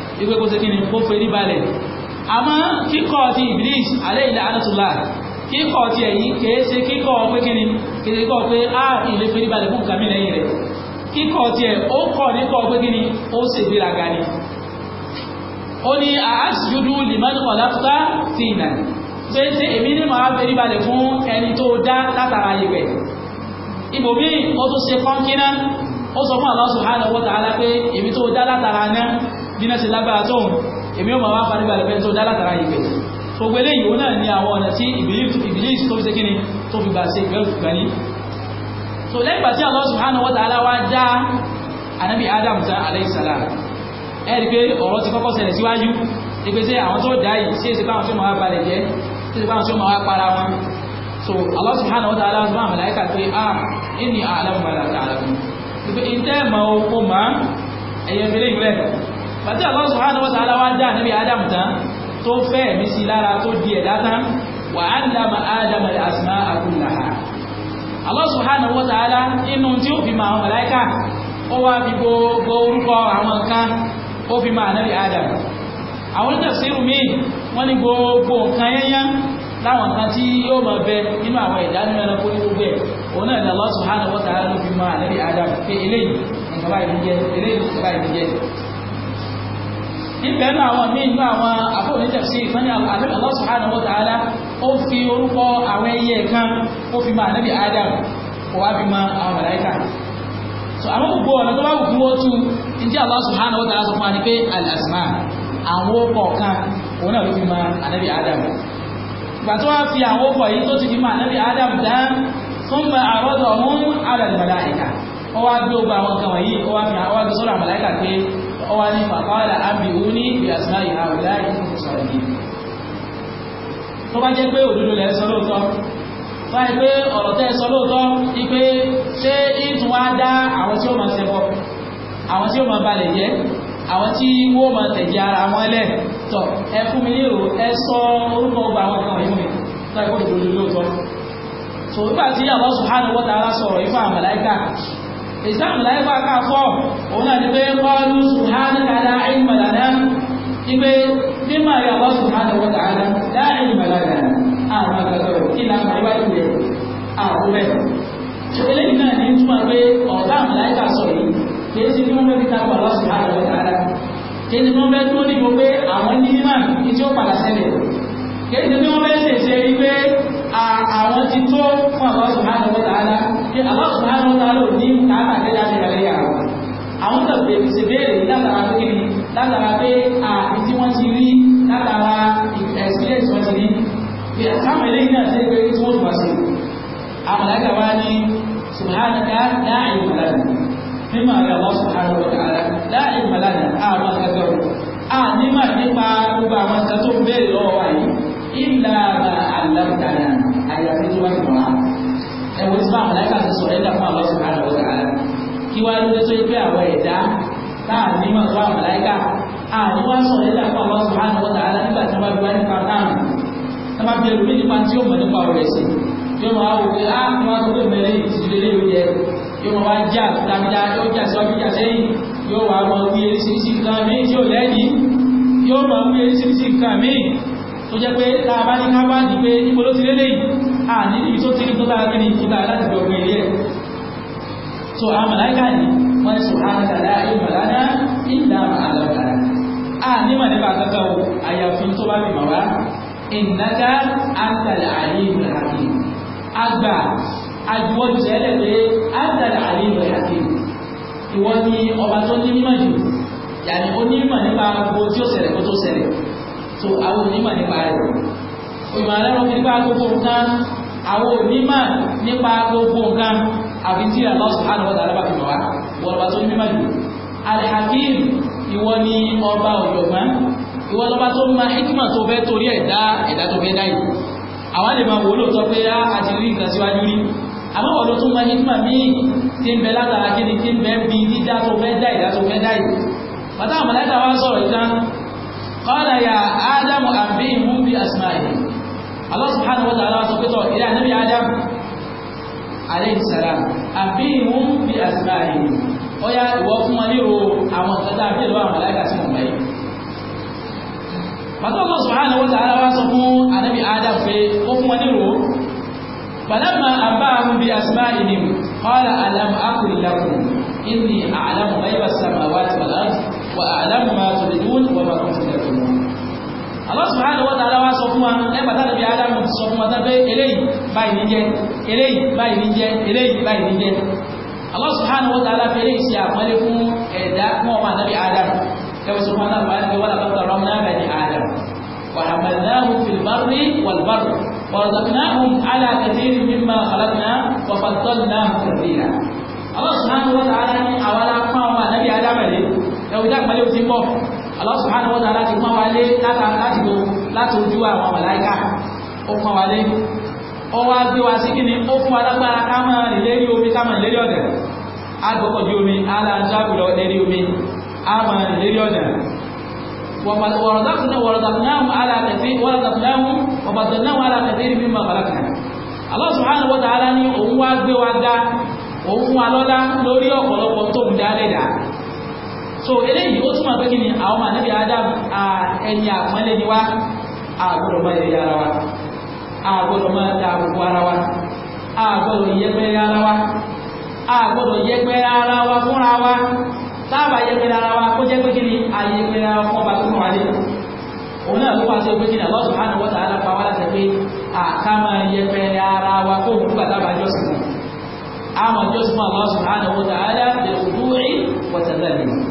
ìgbé kó ṣe kí ni kó fèrí balẹ̀ àmọ́ kíkọ́ ti iblis alẹ́ ilẹ̀ anatolá kíkọ́ ti ẹ̀yìn kìí ṣe kíkọ́ pé kí ni kìí ṣe kíkọ́ pé á ilé fèrí balẹ̀ fún kàmí lẹ́yìn rẹ̀ kíkọ́ ti ẹ̀ ó kọ́ níkọ́ pé kí ni ó ṣe ìgbéraga ni ó ní àásìjúdú lìmọ́nìkọ̀ láfúta ti ìnà ṣe ṣe èmi ní màá fèrí balẹ̀ fún ẹni tó dá látara ìwẹ̀ ibòmí ó tún ṣe kọ́ńkínná ó sọ fún Allah subhanahu wa ta'ala èmi tó dá látara náà bínà ṣe lágbára tó èmi ò máa wá parí balẹ̀ bẹ́ẹ̀ tó dá látara yìí bẹ̀ tó gbé lẹ́yìn òun náà ni àwọn ọ̀nà tí ìbílísì tó fi ṣe kíni tó fi gbà ṣe ìbẹ̀rù ṣùgbọ́n ní. tó lẹ́gbà tí Allah subhanahu wa ta'ala wá dá anabi adam ta alayhi salam ẹ rí i pé ọ̀rọ̀ ti kọ́kọ́ ṣẹlẹ̀ síwájú ìpè sí àwọn tó dá so Allah subhanahu wa ta'ala subhanahu wa ta'ala pé ah inni bàtí Allah subhanahu wa ta'ala wá dá ànábì ádámù tán tó fẹ́ ẹ̀mí sí lára tó di ẹ̀dá tán wa 'allama ádámù al-asma'a kullaha Allah subhanahu wa ta'ala inú tí ó fi máa màláíkà ó wá fi gbogbo orúkọ àwọn nǹkan ó fi máa ànábì ádámù àwọn tafsiru mi wọ́n ní gbogbo nǹkan yẹ́yẹ́ láwọn nǹkan tí yóò máa bẹ nínú àwọn ẹ̀dá nínú ẹranko ní òun náà ni Allah subhanahu wa ta'ala ló fi máa ànábì ádámù pé eléyìí nǹkan báyìí níbẹ̀ náà àwọn míì nínú àwọn àfọwọ́nìtẹ̀sí ìfẹ́ni àbẹ́bẹ̀ Allah subhanahu wa ta'ala ó fi orúkọ àwọn ẹyẹ kan ó fi máa nẹ́bí Adam kò wá fi máa àwọn màláíkà so àwọn gbogbo ọ̀nà tó bá wù kí wọ́n tú ìdí Allah subhanahu wa ta'ala sọ fún wa ni pé al-asma àwọn ọkọ̀ kan òun náà ló fi máa ànẹ́bí Adam gbà àwọn ọkọ̀ yìí tó ti fi máa ànẹ́bí Adam dá thumma àrọ́dọ̀ ọ̀hún ala al ó wá gbé ogun àwọn kan wọ̀nyí ó wá fi àwọn wá gbé sọ́dọ̀ àmàlẹ́kà pé ó wá ní fàkọ́ọ̀lá àmì òun ní ìyàsímá ìhà òlá ìfún sọ̀rọ̀ yìí tó bá jẹ́ pé òdodo lẹ́ sọ lóòótọ́ tó bá jẹ́ pé ọ̀rọ̀ tẹ́ sọ lóòótọ́ ni pé ṣé ìtún wá dá àwọn tí ó máa ṣẹbọ àwọn tí ó máa balẹ̀ jẹ́ Allah subhanahu wa ta'ala sọ̀rọ̀ yìí fún ìsáàmù láyé bá ká sọ òun náà ni pé kọ́ọ̀lù subhanaka la ilma lana ni pé mímọ̀ yà Allah subhanahu wa ta'ala la ilma lana àwọn àgbàdo kí ni àwọn ìwádìí rẹ̀ àwọn bẹ́ẹ̀. eléyìí náà ní túmọ̀ pé ṣe ṣe wípé àwọn ti tó fún Allah subhanahu wa ta'ala kí aláṣọ àwọn ọ̀tàlọ́ ní káàkà kẹjá ṣe kàlẹ́ yàrá àwọn tó bèèrè ṣe béèrè látara pé kíni látara pé àbí tí wọ́n ti rí látara experience wọ́n ti rí pé káwọn eléyìí náà ṣe pé tí wọ́n tún wá sí àwọn àgbà wa ní subhanaka láàyè màlánà mímọ rẹ Allah subhanahu wa ta'ala láàyè màlánà àwọn akẹ́kọ̀ọ́ a nímọ̀ nípa gbogbo àwọn akẹ́kọ̀ọ́ tó ń béèrè lọ́wọ́ wa yìí ìlànà àlàmùdáná àyàfi tí wọ́n ti mọ̀ á àwọn onísùpá àmàlẹ́kà ti sọ̀rọ̀ ẹ̀dá fún Allah subhanahu wa ta'ala kí wá lóde tó yẹ pé àwọn ẹ̀dá táà ní mọ̀ tó àmàlẹ́kà àní wá sọ̀rọ̀ ẹ̀dá fún Allah subhanahu wa ta'ala nígbà tí wọ́n bá gbé nípa táàmù tí wọ́n bí ẹrù mí nípa tí ó mọ̀ nípa ọ̀rẹ́ sí yóò máa wò pé áà wọ́n tó pé mẹ́rin ìtìjú lé lóye yóò máa já dáadáa yóò já síwájú já sẹ́yìn yóò wá máa wí eréṣiríṣi nǹkan míì tí ò lẹ́yìn yóò máa wí eréṣiríṣi nǹkan míì tó jẹ́ pé tá a bá ní ká bá ní pé ibo ló ti lélẹ́yìn a ah, ní ibi tó ti rí tó dára kẹ́ni tó dára láti fi ilé so àwọn màláìka ni wọ́n ti sọ̀rọ̀ àwọn àdá ayé màláná ìlà àlọ́kàrà a ní mà ah, nípa kankan o àyàfi tó bá mi mà wá ìnáka àtàlẹ̀ àyè ìmọ̀láàkì àgbà àjùwọ́jú sẹ́lẹ̀ pé àtàlẹ̀ àyè ìmọ̀láàkì ìwọ ni ọba tó ní mímọ̀ jù yàní onímọ̀ nípa gbogbo tí ó ṣẹlẹ̀ kó tó ṣẹlẹ̀ so àwọn onímọ̀ nípa rẹ̀ ìmọ̀ alẹ́rọ̀ nípa gbogbo nǹkan àwọn onímọ̀ nípa gbogbo nǹkan àfi tí Allah subhanahu wa ta'ala fi mọ̀ wá wọ́n lọ́ba tó hakim ìwọ ni ọba ọ̀jọ̀gbọ́n ìwọ lọ́ba tó ma hikima tó fẹ́ torí ẹ̀dá ẹ̀dá tó fẹ́ dá yìí àwọn lè máa wò ah, ló sọ pé á àti rí míì tí ń bẹ látara kí ni tí ń bẹ bí dídá tó fẹ́ dá ìdá tó fẹ́ dá yìí bàtà àmọ̀lẹ́ta wá sọ̀rọ̀ ìtàn qala ya Ádámù àbí ìmú bí asma'i Allah subhanahu wa ta'ala sọ pé tọ̀ ilé ànábì Adam alayhi salam àbíhùn bí àsìmá yìí ó yá ìwọ fún wọn níro àwọn ìfẹ́ta àbí ìlú àwọn aláìka sí wọn báyìí. Bàtà Allah subhanahu wa ta'ala wá sọ fún ànábì Adam pé ó fún wọn níro فلما أنبأهم بأسمائهم قال ألم أقل لكم إني أعلم غيب السماوات والأرض وأعلم ما تبدون وما كنتم Allah subhanahu wa ta'ala wá sọ fún wa lẹ́gbà tàbí bí Adam sọ fún wa tàbí eléyìí báyìí ní jẹ́ eléyìí báyìí ní jẹ́ eléyìí báyìí ní jẹ́ Allah subhanahu wa ta'ala fẹ́lẹ́ ìṣe àpọ́lé fún ẹ̀dá mọ́ ọmọ tàbí Adam kẹwàá sọ fún wa àwọn alápá ọmọ tàbí pẹ̀lú ti mọ́ Allah subhanahu wa ta'ala ti pọ́n wa lé láti wo láti ojú àwọn màláíkà ó pọ́n wa lé ó wá gbé wa sí kí ni ó fún wa lágbára ká máa rìn lérí omi ká máa rìn lérí ọ̀dẹ̀ agbọ́kọ̀jú omi aláǹdáàbò lọ lérí omi á máa rìn lérí ọ̀dẹ̀ ورزقناهم على كثير على كثير مما خلقنا Allah subhanahu wa ta'ala ní òun so eléyìí ó túmọ̀ pé kí ni àwọn ọmọ ànábì adam ẹni àpọ́nlé ni wá àgbọ̀dọ̀ máa yẹ ara wa àgbọ̀dọ̀ máa da gbogbo ara wa àgbọ̀dọ̀ yẹpẹrẹ ara wa àgbọ̀dọ̀ yẹpẹrẹ ara wa fúnra wa sáàbà yẹpẹrẹ ara wa kó jẹ́ pé kí ni àyẹpẹrẹ ara wa fún ọba tó kọ́ wa lé òun náà ló wá pé kí ni Allah subhanahu wa ta'ala pa láti pé àká máa ara wa kó òun nígbà tábà jọ́sìn àmọ́ jọ́sìn fún Allah subhanahu wa ta'ala lè kúrú rí wọ́tẹ̀lẹ́mì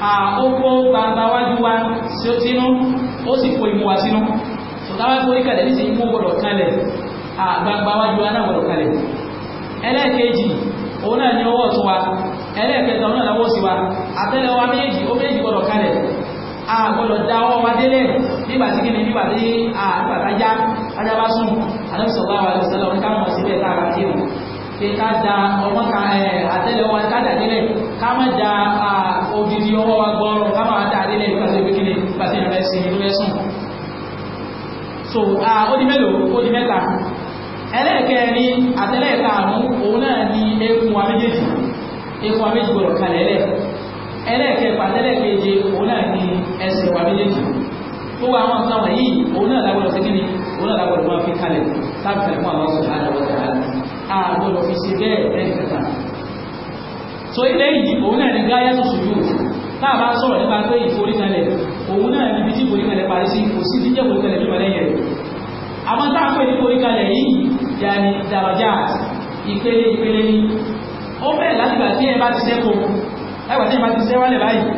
ó kó gbangba wájú wa sínú ó sì kó imú wa sínú sọ̀tàwá forí kalẹ̀ ní sí imú gbọ́dọ̀ kalẹ̀ gbangba wájú wa náà gbọ́dọ̀ kalẹ̀ ẹlẹ́ẹ̀kejì òun náà ní ọwọ́ ọ̀tún wa ẹlẹ́ẹ̀kẹta òun náà lọ́wọ́ sí wa àtẹ́lẹ̀ wa méjì ó méjì gbọ́dọ̀ kalẹ̀ a gbọ́dọ̀ da ni nígbà tí a nígbà tá já wa àdébísọ̀lá wọn ká mọ̀ síbẹ̀ tá a bá kí ni ká má da ògidì ọwọ́ wa gbọ́rọ̀ ká má da àdílé ìpàṣẹ ìpínlẹ̀ ìpàṣẹ ìrẹsìn ìrẹsùn so ó di mélòó ó di mẹ́ta ẹlẹ́ẹ̀kẹrin àtẹlẹ́ẹ̀karùn òun náà ni eékún wa méjèèjì eékún wa méjèèjì gbọ́dọ̀ kalẹ̀ ẹlẹ́ ẹlẹ́ẹ̀kẹfà àtẹlẹ́ẹ̀keje òun náà ni ẹsẹ̀ wa méjèèjì gbogbo àwọn nǹkan wọ̀nyí òun náà lágbọ́dọ̀ sí kíni òun náà lágbọ́dọ̀ máa fi kalẹ̀ sábìfẹ̀ fún àwọn ọ̀sán àdáwọ̀tà àgbọ̀dọ̀ fi ṣe bẹ́ẹ̀ ẹnì kẹta so ilé yìí òun náà ni gáyà tó sùn yóò táà bá sọ̀rọ̀ nípa pé ìforíkalẹ̀ òun náà ni bí tí ìforíkalẹ̀ parí sí kò sí jíjẹ́ ìforíkalẹ̀ bí wọlé yẹn àmọ́ táà pé ìforíkalẹ̀ yìí yà ni dàrọ̀jà ìpele ìpele ni ó bẹ̀rẹ̀ láti gbà tí ẹ bá ti sẹ́kọ̀ọ́ ẹgbà tí ẹ bá ti sẹ́wálẹ̀ báyìí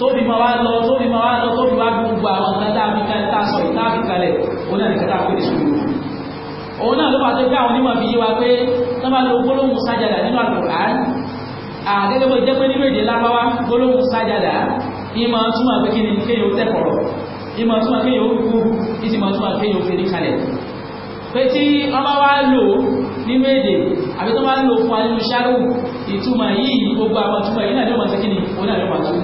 tóbi máa wá lọ tóbi máa wá lọ tóbi wá gbogbo àwọn nǹkan tá a fi kalẹ̀ tá a sọ ìta fi kalẹ̀ òun náà nìkan ló bá tó gbé àwọn onímọ̀ fi wa pé tó bá lo gbólóhùn sájàdà nínú àlùkò àárín àgẹ́gẹ́ bó jẹ́ pé nínú èdè lápáwá gbólóhùn sájàdá ìmọ̀ túmọ̀ pé kí ni kéyìn ó tẹ́kọ̀rọ̀ ìmọ̀ túmọ̀ kéyìn ó kú ìsìmọ̀ túmọ̀ kéyìn ó fèrè kalẹ̀ pé tí wọ́n bá wá lò nínú èdè àbí tó bá lò fún wa nínú ṣáró ìtumọ̀ yìí gbogbo àwọn túmọ̀ yìí náà ni ó máa ṣe kí ni òun náà ló máa tún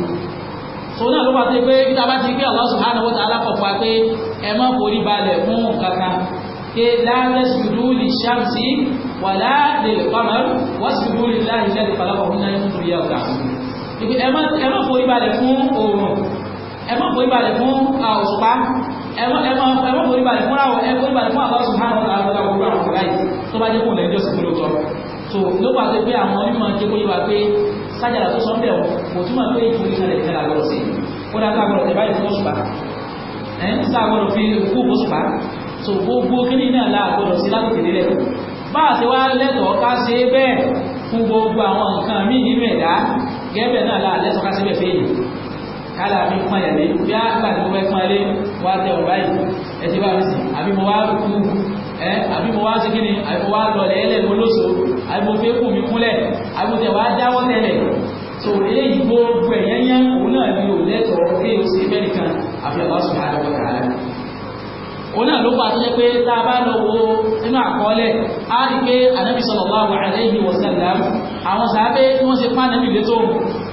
so náà ló máa ṣe pé bí ta bá ti gbé Allah subhanahu wa ta'ala pọ̀ fún wa pé ẹ má forí balẹ̀ fún ké láyásùdú lè ṣàmsí wà láàrin ìpamọ́ wọ́sùdú lè láàrin ilẹ̀ ìpàlọ́pọ̀ náà nítorí ọ̀gá ibi ẹ má fo ìbàlẹ̀ fún oòrùn ẹ má fo ìbàlẹ̀ fún òṣùpá ẹ má fo ìbàlẹ̀ fún àwọn ẹ fo ìbàlẹ̀ fún àwọn ọ̀sùn àwọn àwọn àwọn àwọn ọ̀láì tó bá jẹ́ kó lẹ́jọ́ sí pẹ̀lú ọ̀tọ̀ so ló bá ti pé àwọn onímọ̀ jẹ́ kó yé wa pé sájàdà tó sọ́ńdẹ̀ ọ̀ kò túmọ̀ pé ìtòlí kalẹ̀ tẹ́lá lọ sí kó dá sáà gbọ́dọ̀ tẹ̀ báyìí fún òṣùpá ẹ̀ sáà gbọ́dọ̀ fi kú òṣùpá so gbogbo kíní náà láàgbọ́dọ̀ sí láti tẹ̀lé rẹ̀ bá a ti wá lẹ́tọ̀ọ́ ká ṣe bẹ́ẹ̀ fún gbogbo àwọn nǹkan míì nínú ẹ̀dá gẹ́bẹ̀ náà láà lẹ́tọ̀ọ́ ká ṣe bẹ́ẹ̀ fẹ́yìn kálá mi pọn yàlé bí a gbà tí mo fẹ́ pọn lé wá tẹ ọ̀ báyìí ẹ ti bá mi sìn àbí mo wá kú ẹ àbí mo wá sí kíni àbí mo wá lọlẹ̀ ẹlẹ̀ mo lóso àbí mo fẹ́ kù mi kúnlẹ̀ àbí mo tẹ̀ wá dáwọ́ tẹ̀lẹ̀ so eléyìí gbogbo ẹ̀yẹ́yẹ́ òun náà ni ò lẹ́tọ̀ọ́ kéèyàn ṣe bẹ́ẹ̀ nìkan àfi Allah subhanahu wa ta'ala òun náà ló fà tó yẹ pé tá a bá lọ wo nínú àkọọ́lẹ̀ á rí pé ànábì sallallahu alaihi wasallam àwọn sàábé bí wọ́n ṣe pa ànábì létò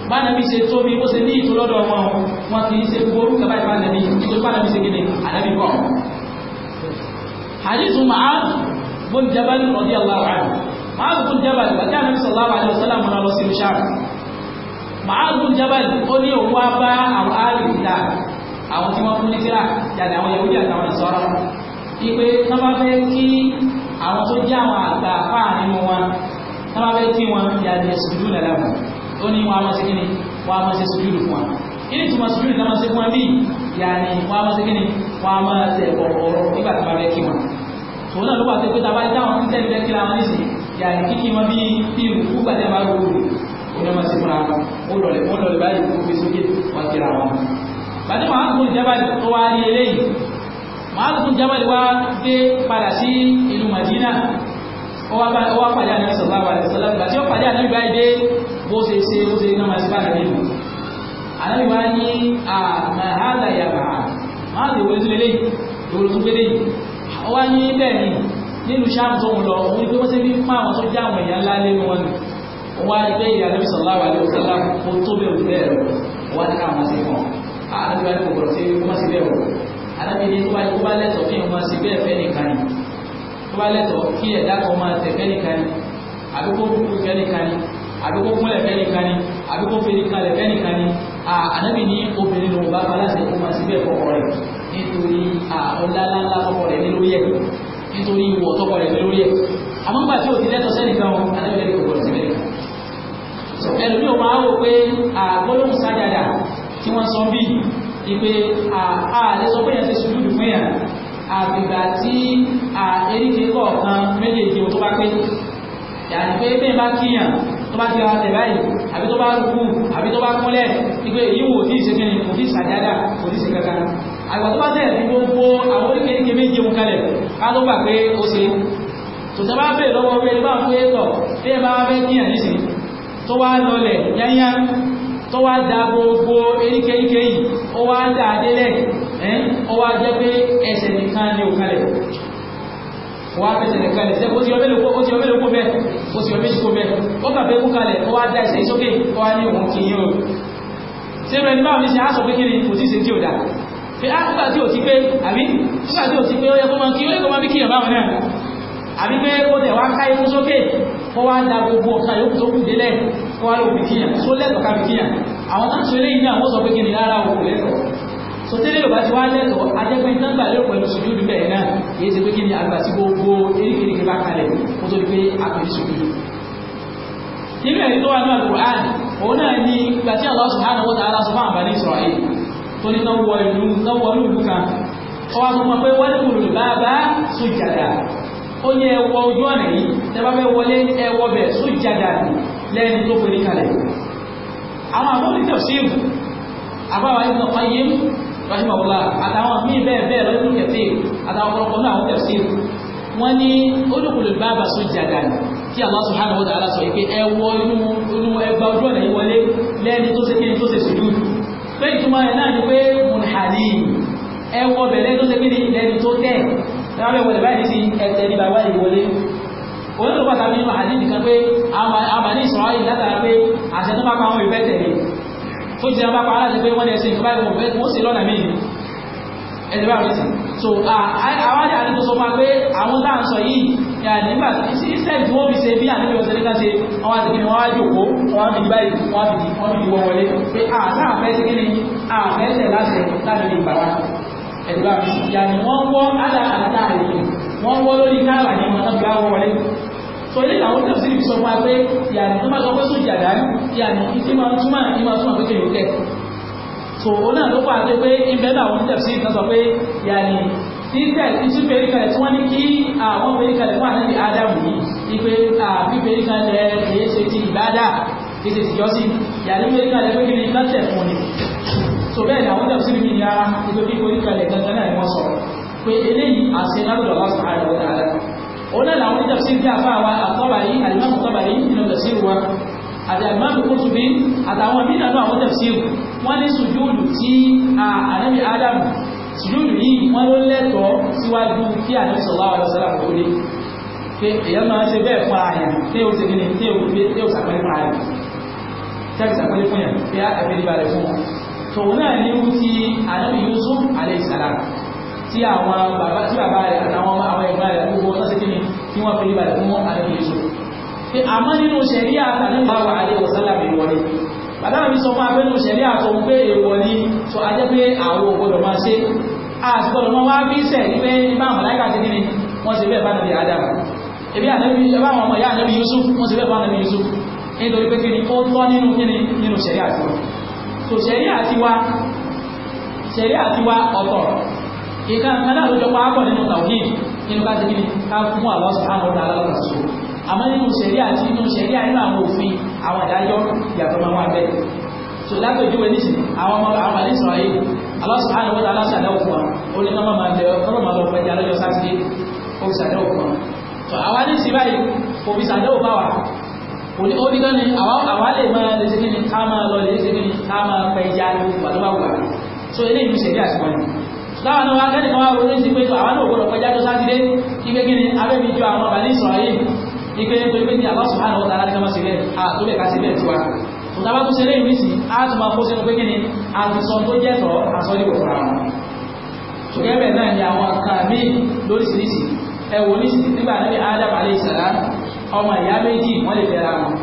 bá ànábì ṣe tóbi bó ṣe ní ìtòlọ́dọ̀ wọn wọn kì í ṣe gbórú kaba ìbá ànábì nítorí pé ànábì ṣe kéde ànábì kọ́ hadithu Mu'adh bin Jabal radiyallahu anhu Mu'adh bin Jabal bàtí ànábì sallallahu alaihi wasallam mọ́ra ní òun wá àwọn tí wọ́n fún ní tíra yàtọ̀ àwọn yahudi àtàwọn ìsọ̀rọ̀ ipe tó bá fẹ́ kí àwọn tó jẹ́ àwọn àgbà fáàrin mu wọn tó bá fẹ́ kí wọn yàtọ̀ sùdú lẹ́la wọn ó ní wọn a máa ṣe kíni wọn a máa ṣe sùdú fún wọn kí ni tùmọ̀ sùdú tó máa ṣe fún wọn bí yàní wọn a máa ṣe kíni wọn a máa ṣe ọ̀rọ̀ nígbà tó bá fẹ́ kí wọn tòun náà ló wà pé pé tá a bá dáwọn kírísítẹ́nì kí wọn bí bí bàtí màá tún jábàlì tó wá rí eléyìí màá tún jábàlì wá dé padà sí ìlú Madina ó wá pàdé àná sọ̀rọ̀ àwọn àlẹ́ sọ̀rọ̀ bàtí ó pàdé àná ìbáyìí dé bó ṣe ṣe bó ṣe iná màá sí bàtà nínú àná ìbáyìí ní àmàhálà yàrá màá tún wọlé tún eléyìí ìwòlò tún gbélé yìí ó wá ní bẹ́ẹ̀ ni nílùú sáà tó ń lọ òun pé wọ́n ṣe fi fún àwọn tó já àwọn èèyàn ńlá lé wọn nù wọ́n á rí bẹ́ẹ̀ ìyá lóbi sọ̀rọ̀ àwọn àlẹ́ sọ̀rọ̀ kó tó bẹ́ẹ̀ òun bẹ́ẹ̀ rẹ̀ wọ́n á ní káwọn ṣe fún ọ àdájọ́ àti kòkòrò sí kó má sí bẹ́ẹ̀ o àdájọ́ ni tó bá tó bá lẹ́tọ̀ọ́ kí wọ́n sí bẹ́ẹ̀ fẹ́ nìkan ni tó bá lẹ́tọ̀ọ́ kí ẹ̀dá kan máa tẹ̀ fẹ́ nìkan ni àbí kó kúkú fẹ́ nìkan ni àbí kó kúnlẹ̀ fẹ́ nìkan ni àbí kó fi nìkan lẹ̀ fẹ́ nìkan ni àdájọ́ ni obìnrin lòun bá bá láti kó má sí bẹ́ẹ̀ kọ́kọ́ rẹ̀ nítorí ọ̀làlàlà kọ́kọ́ rẹ̀ lórí ẹ̀ nítorí ìwọ̀ tọ́kọ̀ rẹ̀ lórí ẹ̀ àmọ́ gbà tí ò tí wọ́n sọ bí ìpè ààrẹ sọ pé yẹn ti sùúrù fún yà àgbègbà tí eríkè kọ̀ọ̀kan méjèèjì tó bá pé yàtí pé bẹ́ẹ̀ bá kíyàn tó bá ti ra tẹ̀ báyìí àbí tó bá rúkú àbí tó bá kúnlẹ̀ ìpè èyí wò tí ìṣe kìnnì kò tí ìṣàjádà kò tí ìṣe kankan àgbà tó bá tẹ̀ ní gbogbo àwọn oríkèéríkèé méje wọn kalẹ̀ ká ló gbà pé ó ṣe tòtẹ́ bá bèèrè lọ́wọ́ pé bá ń pé tọ̀ bí ẹ bá fẹ́ kíyàn nísìnyí tó wá lọlẹ̀ yányá tó wá da gbogbo eríkèríkè yìí ó wá dà á délẹ̀ ó wá jẹ́ pé ẹsẹ̀ nìkan ni ò kalẹ̀ wá fẹsẹ̀ nìkan lẹ̀ ó ti yọ mélòó ó ó ti yọ ó wá da ẹsẹ̀ sókè ó wá ní òun kì í o ṣé bẹ́ẹ̀ ní báwo ni ṣe á sọ pé kí ni kò tí ì ṣe tí ò dáa fi á ah, nígbà tí ò ti pé àbí nígbà tí ò ti pé ó yẹ kó máa kí ó yẹ kó máa bí kíyàn báwọn náà àbí pé ó tẹ̀ wá ká ikú sókè kó wá da gbogbo ọ̀ka yòókù tó kù délẹ̀ kó wá ló fi kíyàn só lẹ́tọ̀ọ́ ká fi kíyàn àwọn tá ń sọ eléyìí náà wọ́n sọ pé kí ni rárá o kò lẹ́tọ̀ọ́ so tẹ́lẹ̀ yóò bá ti wá lẹ́tọ̀ọ́ ajẹ́pẹ́ iná lérò pẹ̀lú sùjúdù bẹ́ẹ̀ náà kì ṣe pé kí ni àgbà tí gbogbo eríkèéríkèé bá kalẹ̀ kó tó di pé àpèjì sùjúdù nínú ẹ̀rí tó wà ní alukur'an òun náà ni ìgbà tí Allah subhanahu wa ta'ala sọ fún àǹfààní Isra'il tó ní náwó ìlú náwó ìlú kan ọwọ́ àtúntò pé wọ́n ní ó ní ẹwọ ojú ọ̀nà yìí tẹ́bá fẹ́ wọlé ẹwọ bẹ̀ sójàdà lẹ́ni tó pè ní kalẹ̀ àwọn àbọ̀lì tẹ̀síìmù àbáwá ibùdó ọ̀yẹ́ rahimahulá àtàwọn míì bẹ́ẹ̀ bẹ́ẹ̀ lọ́dún kẹfẹ́ àtàwọn ọ̀pọ̀lọpọ̀ náà àwọn tẹ̀síìmù wọ́n ní olùkùnlé bábà sójàdà tí Allah subhanahu wa ta'ala sọ pé ẹwọ inú ẹgbà ojú ọ̀nà yìí wọlé lẹ́ni bẹ̀rẹ̀ tó ṣe lẹ́ni tó tẹ̀ tí wọ́n fẹ́ wọlé báyìí sí ẹ̀tẹ́ ní bàbá ìwọlé òun tó pàtàkì nínú àdídì kan pé àmàlí ìsọ̀rọ̀ yìí látara pé àṣẹ tó bá àwọn ìfẹ́ tẹ̀lé tó ti so àwọn àdí àdí tó sọ máa pé àwọn tá à ń sọ yìí nígbà ìsẹ́ẹ̀lì tí wọ́n fi ṣe bí àdébí ọ̀sẹ̀ nígbà ṣe wọ́n ti kíni wọ́n á jòkó wọ́n fi báyìí wọ́n fi wọ́n ẹ̀dùbà mi yàtọ̀ wọ́n wọ́ ádà àtà àlejò wọ́n wọ́ lórí káàbà ní wọn lọ́gbà wọ́n wọlé so ilé ìlàwọ́ tẹ̀sí ìlú sọ fún wa pé ìyàtọ̀ tó máa sọ pé sójà dání ìyàtọ̀ ìdí máa túmọ̀ ní máa túmọ̀ pé kéwì tẹ̀ so òun náà ló fà á pé pé ìbẹ́ náà wọ́n tẹ̀sí ìtàn sọ pé yàní títẹ̀ títí fèrè kalẹ̀ tí wọ́n ní kí àwọn fèrè kalẹ̀ fún àtẹ́bí ádámù yìí ipe fífèrè kalẹ̀ kìí ṣe ti ìbádà kìí ṣe tìjọ́sí yàní fèrè kalẹ̀ pé kí ni lọ́tẹ̀ fún ni so bẹ́ẹ̀ ni àwọn tẹ̀ sí mi ya ètò bí orí kalẹ̀ gangan náà wọ́n sọ pé eléyìí àṣẹ lábẹ́rẹ̀ wá sọ àrẹ wọn àrẹ òun náà làwọn tẹ̀ sí bí afá wa àtọ́bà yìí àlùmọ́ọ̀mù tọ́bà yìí nínú tẹ̀ sí wa àti àlùmọ́ọ̀mù kótó bí àtàwọn mí nàánú àwọn tẹ̀ sí wọn ní sùjúùdù tí ànábì ádámù sùjúùdù yìí wọn ló lẹ́tọ̀ọ́ síwájú kí ànábì sọ̀lá wa lọ́sọ̀lá kò lé pé èèyàn máa ṣe bẹ́ẹ̀ fún ààyè tí ó ti gbìn tí ó sàpẹ́lẹ́ fún ààyè tí ó sàpẹ́lẹ́ fún yàn bí á ẹ̀fẹ́ níbalẹ̀ fún wọn tòun náà ní irú ti ànábì Yusuf alayhi salam tí àwọn bàbá tí bàbá rẹ̀ àtàwọn àwọn ẹ̀gbọ́n rẹ̀ gbogbo wọn ṣe kíni kí wọ́n fi balẹ̀ fún ànábì Yusuf pé àmọ́ nínú sẹ̀ríà àtàlẹ́gbà wà alayhi salam ìwọlé bàbá mi sọ fún abẹ́nu sẹ̀ríà tó ń pé èèwọ̀ ni sọ ajẹ́ pé àwọn ebi ànábì ẹbá Yusuf wọ́n ṣe bẹ́ẹ̀ bá nàbí Yusuf nítorí pé kíni ó tọ́ nínú tó ṣẹ̀rí àtiwá ṣẹ̀rí àtiwá ọ̀tọ̀ ìkan kanáà ló jọ pápọ̀ nínú tawhid nínú ká tẹ́kí ká fún Allah subhanahu wa ta'ala lọ́nà tó àmọ́ nínú ṣẹ̀rí àti nínú ṣẹ̀rí àìnú àwọn òfin àwọn ìdájọ́ ìyàtọ̀ máa wà bẹ́ẹ̀ so lápẹjúwe nísìnyí àwọn ọmọ àwọn àlẹ́ sọ̀rọ̀ yìí Allah subhanahu wa ta'ala ṣàdáwò fún wa ó ní kọ́mọ́ máa bẹ̀rẹ̀ kọ́mọ́ máa lọ fẹjá lọ́jọ́ sátidé ó fi ṣàdáwò fún wa so àwa ní sí báyìí kò fi ṣàdáwò bá wa òní ó ní gan ni àwa lè máa lè ṣégin ní ká máa lọ lè ṣégin ní ká máa pẹ ìjà gbogbo so eléyìí ṣe ní àsìkò ni láwọn náà wá kẹ́ni kan wá ronú sí pé àwọn náà gbọdọ̀ pẹjá tó sátidé kí pé kí ju àwọn àbálí sọ̀rọ̀ yìí ní pé nítorí ní Allah subhanahu wa ta'ala ní ká máa ṣe bẹ́ẹ̀ àtúbẹ̀ ká ṣe bẹ́ẹ̀ tiwa tòtàbá tó ṣe léyìn nísìn á tún máa kó sínú pé kí ni àtìsọ tó jẹ́ tọ́ àsọ nígbò fúnra wọn ṣùgbọ́n bẹ́ẹ̀ náà ni àwọn kan míì lóríṣiríṣi ẹ̀wọ̀n nísìn nígbà náà ní Adam alayhi ọmọ ìyá méjì wọ́n lè fẹ́ra wọn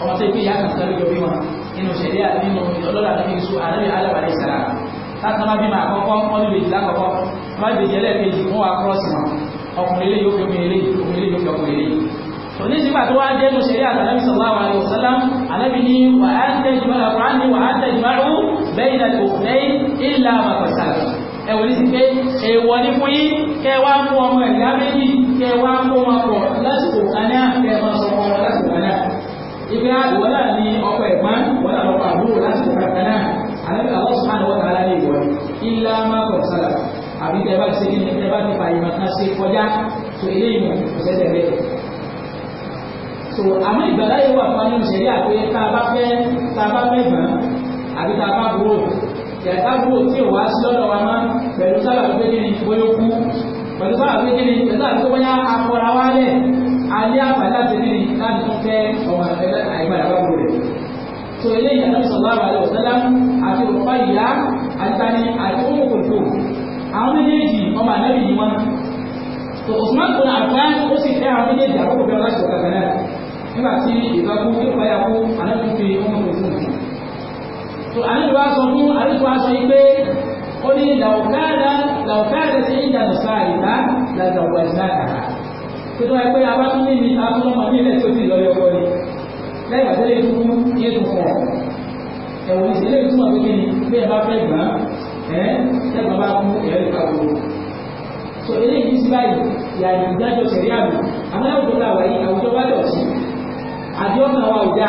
ọmọ tó ìpín ìyá kan sọ́rọ̀ yọ bí wọn nínú ṣẹ̀ríà nínú ọlọ́dà tó fi ń so àlẹ́bí alábàárẹ̀ sàrà látàmá bí máa kọ́kọ́ wọ́n lè lè lákọ̀ọ́kọ́ wọ́n lè jẹ́lẹ̀ kejì wọ́n wá kọ́ọ̀sì wọn ọkùnrin ilé yóò fi omi ilé ọkùnrin ilé yóò fi ọkùnrin ilé òní sígbà tó wá dẹ́nu ṣẹ̀ríà àtàlẹ́bí sallallahu alaihi wasallam àlẹ́bí ní wà á tẹ̀jú mọ́ra kúrán sí kẹ wá kó wọn pọ̀ lásìkò kaná kẹ máa sọ wọn lásìkò kaná ibi àwọn náà ní ọkọ ẹ̀gbọ́n wọn náà lọ́kọ àbúrò lásìkò kaná àlẹ́ àwọn sùnmọ́ àwọn tààrà lè wọ̀ ilá má pọ̀ sálà àbí tẹ bá ti ṣe kíni tẹ bá ti fàyè máa kan ṣe kọjá tó ilé ìmọ̀ ọ̀sẹ̀sẹ̀ bẹ́ẹ̀. so àmọ́ ìgbàlá yìí wà fún ayé òṣèré àpé tá a bá fẹ́ tá a bá fẹ́ gbọ́n àbí tá a bá búrò yàtá pẹ̀lú bá àgbé kíni pẹ̀lú àti tó bóyá akọra wa lẹ̀ alẹ́ àgbà láti kíni láti tún fẹ́ ọmọ ẹgbẹ́ àìgbàdàgbà gbòòrò rẹ̀ tó ilé ìyàtọ̀ sọ̀rọ̀ àwọn àlọ́ ọ̀sẹ́lá àti òkúpa ìyá àtàní àti òmùkòtò àwọn méjèèjì ọmọ ànábì yìí wọn tó Usman kò náà fẹ́ ó sì fẹ́ àwọn méjèèjì àkókò bí ọlá ṣùgbọ́n kan náà nígbà tí ìgbàkú nípa ìyàkú ànábì fi ó ní làwùkáàdà làwùkáàdà sí ìdànù sáà ìbá làgàwà náà tó tó wáyé pé abátúndé ni abúlọ́mọ nílẹ̀ tó ti lọ́yọ̀ wọ ni lẹ́yìn àti lè dúkú yé tó fọ̀ ẹ̀wọ̀n ìṣẹ̀lẹ̀ ìtumọ̀ pé kí ni bí ẹ bá fẹ́ gbà ẹ́ tẹ́gbọ̀n bá kú ẹ̀rọ ìkàwé so eléyìí ti báyìí yàrá ìdájọ́ sẹ̀rí àmì àmọ́ àwùjọ làwà yìí àwùjọ wá lọ sí àdéhùn àwọn àwùjá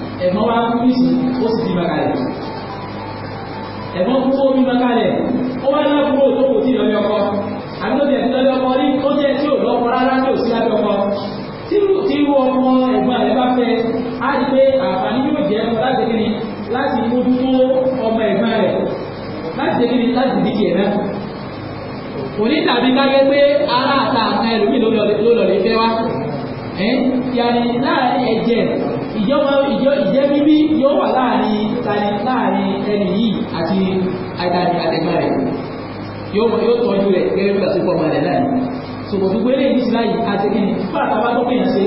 ẹ̀gbọ́n wa kú ní sùn ó sì bí bàkàlẹ̀ ẹ̀gbọ́n kú ó bí bàkàlẹ̀ ó wá ní àbúrò tó kò tí lọ́lẹ́ ọkọ àgbẹ̀bẹ̀ tí lọ́lẹ́ ọkọ rí ó jẹ́ tí ò lọ́kọ rárá tí ò sí lábẹ́ ọkọ tí irú ọmọ ẹ̀gbọ́n rẹ̀ bá fẹ́ á rí pé àǹfààní yóò jẹ́ ọmọ láti kí ni láti mójú tó ọmọ ẹ̀gbọ́n rẹ̀ láti ṣe kí ni láti díje náà kò ní tàbí kágẹ́ pé ará àtàkùn ẹlòmíì ló lọ lè fẹ́ wá ẹ̀ yàrá ẹ̀jẹ̀ ìjọba ìjọ ìjẹ́ bíbí yóò wà láàrin tani láàrin ẹni yìí àti àdàdì àtẹ̀gbọ́n rẹ̀ yóò yóò tọ́jú rẹ̀ gẹ́gẹ́ bí àsopọ̀ ọmọ rẹ̀ náà sòkò gbogbo eléyìí ti láyìí àtẹ̀gbọ́n rẹ̀ fún àtàwọn àtọ́kùn yẹn ṣe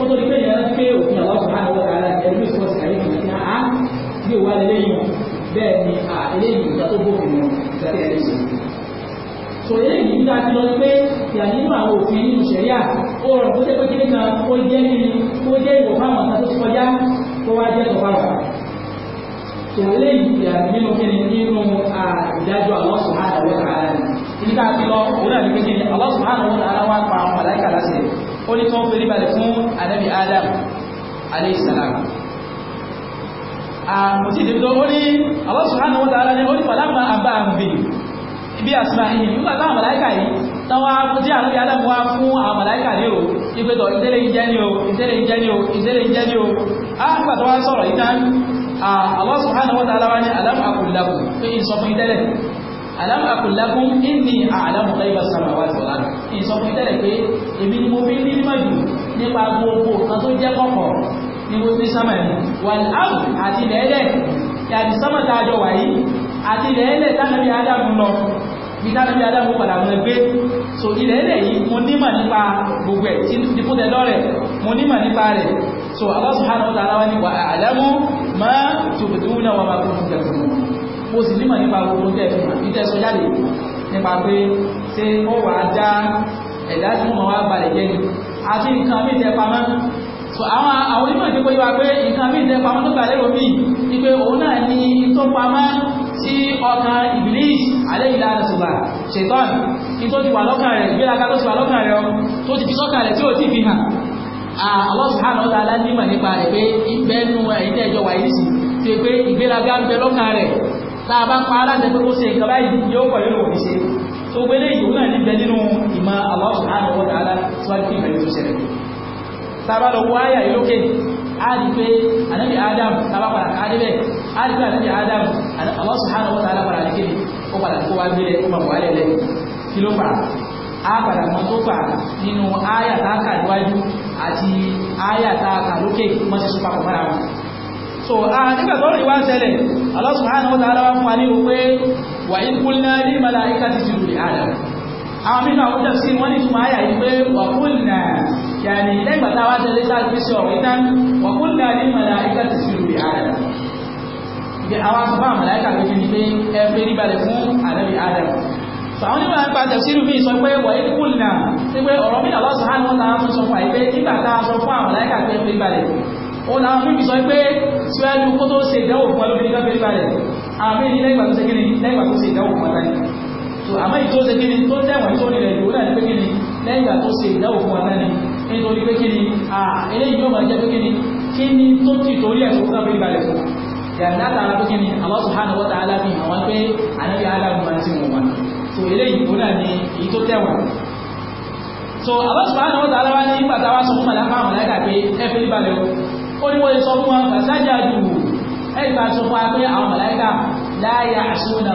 ó tó di pé yẹn pé òfin àwọn ọ̀sán àwọn ọ̀sán ara ẹni bí sọ́ọ̀sì àyè kìí ní àá bí òwà lélẹ́yìn bẹ́ẹ̀ ni à eléyìí ìgbà tó bófin mọ́ ìgbà tó yẹ sòrè lè níbi láti lọ pé ìyà nínú àwọn òfin nínú sẹ̀ríà ó rọrùn tó tẹ́pẹ́ kiri kan ó jẹ́ ní ó jẹ́ ìwò fáwọn ọ̀tá tó ti kọjá tó wá jẹ́ tọ̀fà sòrè lè ìyà nínú kí nínú ìdájọ́ Allah subhanahu wa ta'ala ibi tá a ti lọ òun náà ní pé kí ni Allah subhanahu wa ta'ala wá pa àwọn màláìkà láṣẹ ó ní kán fèrè balẹ̀ fún anabi Adam alayhi salam àmọ̀tí ìdèbìtọ́ ó ní Allah subhanahu wa ta'ala ní ó ní pàlámà àbá àmì bí àsìmá ìyìn nígbà táwọn màláìkà yìí táwọn tí àwọn ìyá lẹ́mú wá fún àwọn màláìkà ní o ìgbẹ́tọ̀ ìdẹ́lẹ̀ ìjẹ́ ni o ìdẹ́lẹ̀ ìjẹ́ ni o ìdẹ́lẹ̀ ìjẹ́ ni o àgbà tó wá sọ̀rọ̀ yìí tán Allah subhanahu wa ta'ala ní alam aqul lakum pé ìsọ fún ìdẹ́lẹ̀ alam aqul lakum inni a'lamu ghaiba samawati wal ard ìsọ fún ìdẹ́lẹ̀ àti lẹ́lẹ̀ yàtì tánàbí Ádámù lọ ìdáná bí adáwọ̀ padà mọ̀ gbé so ilẹ̀ ilẹ̀ yìí mo nímọ̀ nípa gbogbo ẹ̀ tí ti fún tẹ́lọ́ rẹ̀ mo nímọ̀ nípa rẹ̀ so Allah subhanahu wa ta'ala wá ní wà àdámú má tòbìdúnà wà máa kún tẹ̀ fún mo sì nímọ̀ nípa gbogbo tẹ̀ fún àti tẹ́ sọ jáde nípa pé ṣé ó wà á dá ẹ̀dá tí mo wá balẹ̀ jẹ́ ni àti nǹkan mí tẹ pamọ́ so àwọn àwọn onímọ̀ ìdíkọ́ yìí wá pé nǹkan mí tẹ pamọ́ tó gbà lérò bíi ipe òun náà ní tó pamọ́ sí ọkàn Iblis alẹ́ ìlà àdàsùgbà ṣètọ́n ní tó ti wà lọ́kàn rẹ̀ gbéraga tó ti wà lọ́kàn rẹ̀ tó ti fi sọ́kàn rẹ̀ tí ò tí fi hàn Allah subhanahu wa ta'ala nímọ̀ nípa rẹ̀ pé ìbẹ́nu ẹ̀yìn ẹjọ́ wà yìí sì ti pé ìgbéraga ń bẹ lọ́kàn rẹ̀ tá pa aláṣẹ kó ṣe nǹkan báyìí yóò pọ̀ tó gbé lé ìwúrà níbẹ̀ nínú ìmọ̀ Allah subhanahu wa ta'ala á rí pé ànábì Adam tábàpàdà ká débẹ̀ á rí pé ànábì Adam Allah subhanahu wa ta'ala padà nìkéde ó padà kó wá gbélé ó máa wàhálẹ̀ lẹ̀ kí ló fà á padà mọ́ tó fà nínú áyà tá a kà níwájú àti áyà tá a kà lókè wọ́n ti sún papọ̀ mọ́ra wọn so nígbà Allah subhanahu wa ta'ala wá fún wa ní wípé wa in qulna lil mala'ikati isjudu Adam àwọn mímọ̀ àwọn ọjọ́ sí wọ́n ní túnmọ̀ àyà yìí pé wàkúnnà yàní lẹ́gbà táwa tẹ́lẹ̀ sáàbí sí ọ̀rọ̀ ìtàn wàkúnnà ní mọ̀lá ìgbà ti sí lórí ààrẹ àwọn asọ́fà àmàláìkà ló fi pé ẹ pé níbalẹ̀ fún àdàbí ààrẹ sàwọn nígbà nípa tẹ̀síìrù mi sọ pé wọ̀ ikú nà sí pé ọ̀rọ̀ mi lọ́sọ̀ hàn wọ́n náà tún sọ fún àìpé nígbà tá a sọ fún àwọn màláìkà pé pé balẹ̀ ó láwọn mímí sọ pé síwájú kó tó ṣe ìdánwò fún ọlọ́bìnrin kan pé balẹ̀ àwọn mímí lẹ́gbàá tó ṣe kí ni lẹ́gbàá tó ṣe ìdánwò fún ọlọ́bìnrin àmọ́ ìtó ṣe kíni tó tẹ̀wọ̀n tó rẹ̀ yóò náà ní pé kíni lẹ́yìn ìgbà tó ṣe ìdáwò fún wa náà ni nítorí pé kíni à eléyìí yóò máa jẹ́ pé kíni kíni tó ti torí ẹ̀sùn fún káfíń balẹ̀ fún yàrá tààrà pé kíni Allah subhanahu wa ta'ala fi hàn wọ́n pé ànábì aláàbò máa ti wọ̀n wọn so eléyìí yóò náà ní èyí tó tẹ̀wọ̀n so Allah subhanahu wa ta'ala wá ní pàtàkì wá sọ fún màláfà àwọn màláìkà pé ẹ fi ní balẹ̀ ó ní wọ́n sọ fún wọn pàṣájà dùn ẹ̀ ìgbà sọ fún wa pé àwọn màláìkà la ya'suna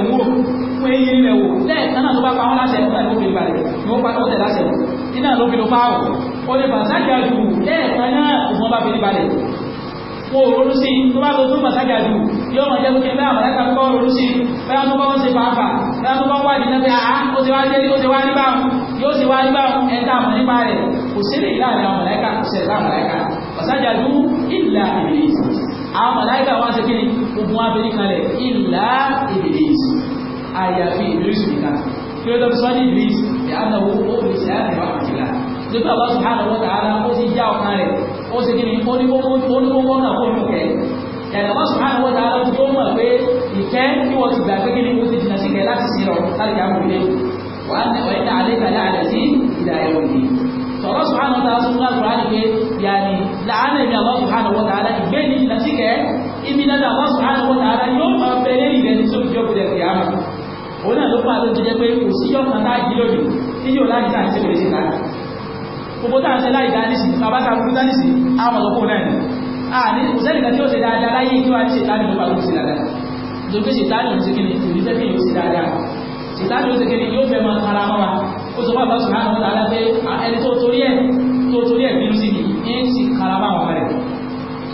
ilẹ̀ wò wọ́n yí lẹ́ẹ̀kan náà tó bá pa láṣẹ nígbà tó fi balẹ̀ ni wọ́n pa ọ̀tẹ̀ láṣẹ iná ló fi fáwọ̀ ó lè bàtàkì àjù lẹ́ẹ̀kan náà òun bá fi balẹ̀ wọ́n ronú sí tó bá lọ tó bàtàkì àjù yóò mọ̀ jẹ́ pé báyà màláka kọ́ ronú sí báyà tó bá wọ́n ṣe pàápà báyà tó bá wà ní náà pé àá ó ti wá jẹ́ ó ti wá rí báwọn yóò ti wá rí báwọn ẹ̀dá àmọ̀ nípa rẹ̀ kò sí lè láàrin àwọn màláka kò sí lè láàrin màláka bàtàkì àjù ìlà ìbílẹ̀ ìsìn àwọn màláìkà wá sí kíni gbogbo wọn abẹ́rí kalẹ̀ ìlà Iblis àyàfi Iblis nìkan kí ló dọ́bí sọ́dí Iblis ẹ̀ á náwó ó fi ṣe àti wà àti là nígbà Allah subhanahu wa ta'ala ó sì já ọkàn rẹ̀ ó sì kíni ní gbogbo náà kó nù kẹ́ yàtọ̀ Allah subhanahu wa ta'ala tó wọ́n ti gbà pé ìkẹ́ ibi dáadáa Allah subhanahu wa ta'ala yóò máa bẹ lé ìrẹ́ ní sóbi jọ́ gbọdọ̀ kìá mà òun náà ló fà ló ti jẹ́ pé kò sí yọ̀ kan láàyè lónìí tí yóò láàyè náà ti wòlé síta gbogbo tá à ń ṣe láì dá nísì bàbá ta kú dá nísì àwọn ọ̀dọ́kùn náà ni a ní kò sẹ́ni kan tí ó ṣe dáadáa láyé kí wọ́n á ṣe tánì nípa lóṣù dáadáa dòkè ṣe tánì òun ṣe kí ni ìrì fẹ́ kí ni ó ṣe dáadáa ṣe tánì ó ṣe kí ni yóò fẹ́ máa ara mọ́ra ó sọ fún àbá sùn láàrín wọn tààlà ẹni tó torí ẹ̀ tó torí ẹ̀ bínú ń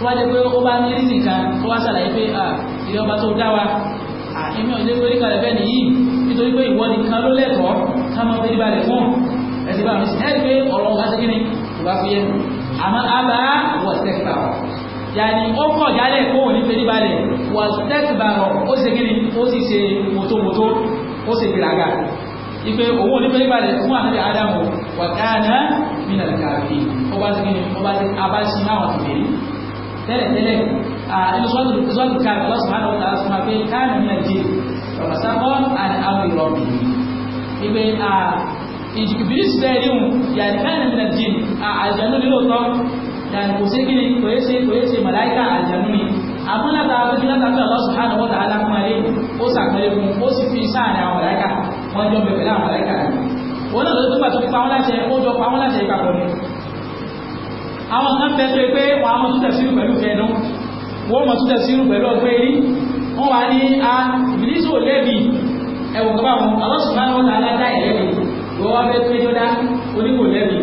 tó bá jẹ́ pé ó bá ní rí nìkan ó wá ṣàlàyé pé ìyá ọba tó dá wa èmi ò lè gbé kalẹ̀ bẹ́ẹ̀ nìyí nítorí pé ìwọ nìkan ló lẹ́tọ̀ọ́ ká máa bẹ́ẹ̀ balẹ̀ fún ẹ̀sìn bá mi sí ẹ̀rí pé ọ̀rọ̀ ọ̀gá ṣẹ́gi ni kò bá fi yẹ àmọ́ àbá wọ̀ sẹ́kìtà yàní ó kọ̀ jálẹ̀ kó òní bẹ́ẹ̀ balẹ̀ wọ̀ sẹ́kìtà ó ṣẹ́gi ni ó sì ṣe mọ́tòmọ́tò ó sì gbìlàgà ipe owó onífẹ́ ìbàlẹ̀ fún àti Ádámù wà káàná mìíràn kààfin ó bá ti gbìyànjú ó bá ti abáṣí máa wọ̀n ti bèèrè tẹ́lẹ̀tẹ́lẹ̀ nínú sọ́ọ̀tù káàkiri Allah subhanahu wa ta'ala fún wa pé káàmì náà jẹ ọ̀sánkọ́ àti àwọn ìrọ̀bì ìgbé ìjìkìbìrì sílẹ̀ ríhùn yàrá káàmì náà jẹ àjànú lílòótọ́ yàrá kò sí kí ni kò yé kò yé màláìkà àjànú ni àmúlàtà àti látàkì Allah subhanahu wa ta'ala fún wa rí ó sàkẹ́lẹ̀ fún ó sì fi sáà ní àwọn àwọn kan bẹ tó pé wọn àwọn tútẹ̀ sírù pẹ̀lú fẹ́nu wọ́n mọ̀ tútẹ̀ sírù pẹ̀lú ọgbẹ́ rí wọ́n wà ní a ìbílísò lẹ́bi ẹ̀wọ̀n kọ́ báwọn ọlọ́sùn máa ń wọ́n tààlà dá ẹ̀lẹ́bi wọ́n wá bẹ́ tó ẹjọ́ dá oníkò lẹ́bi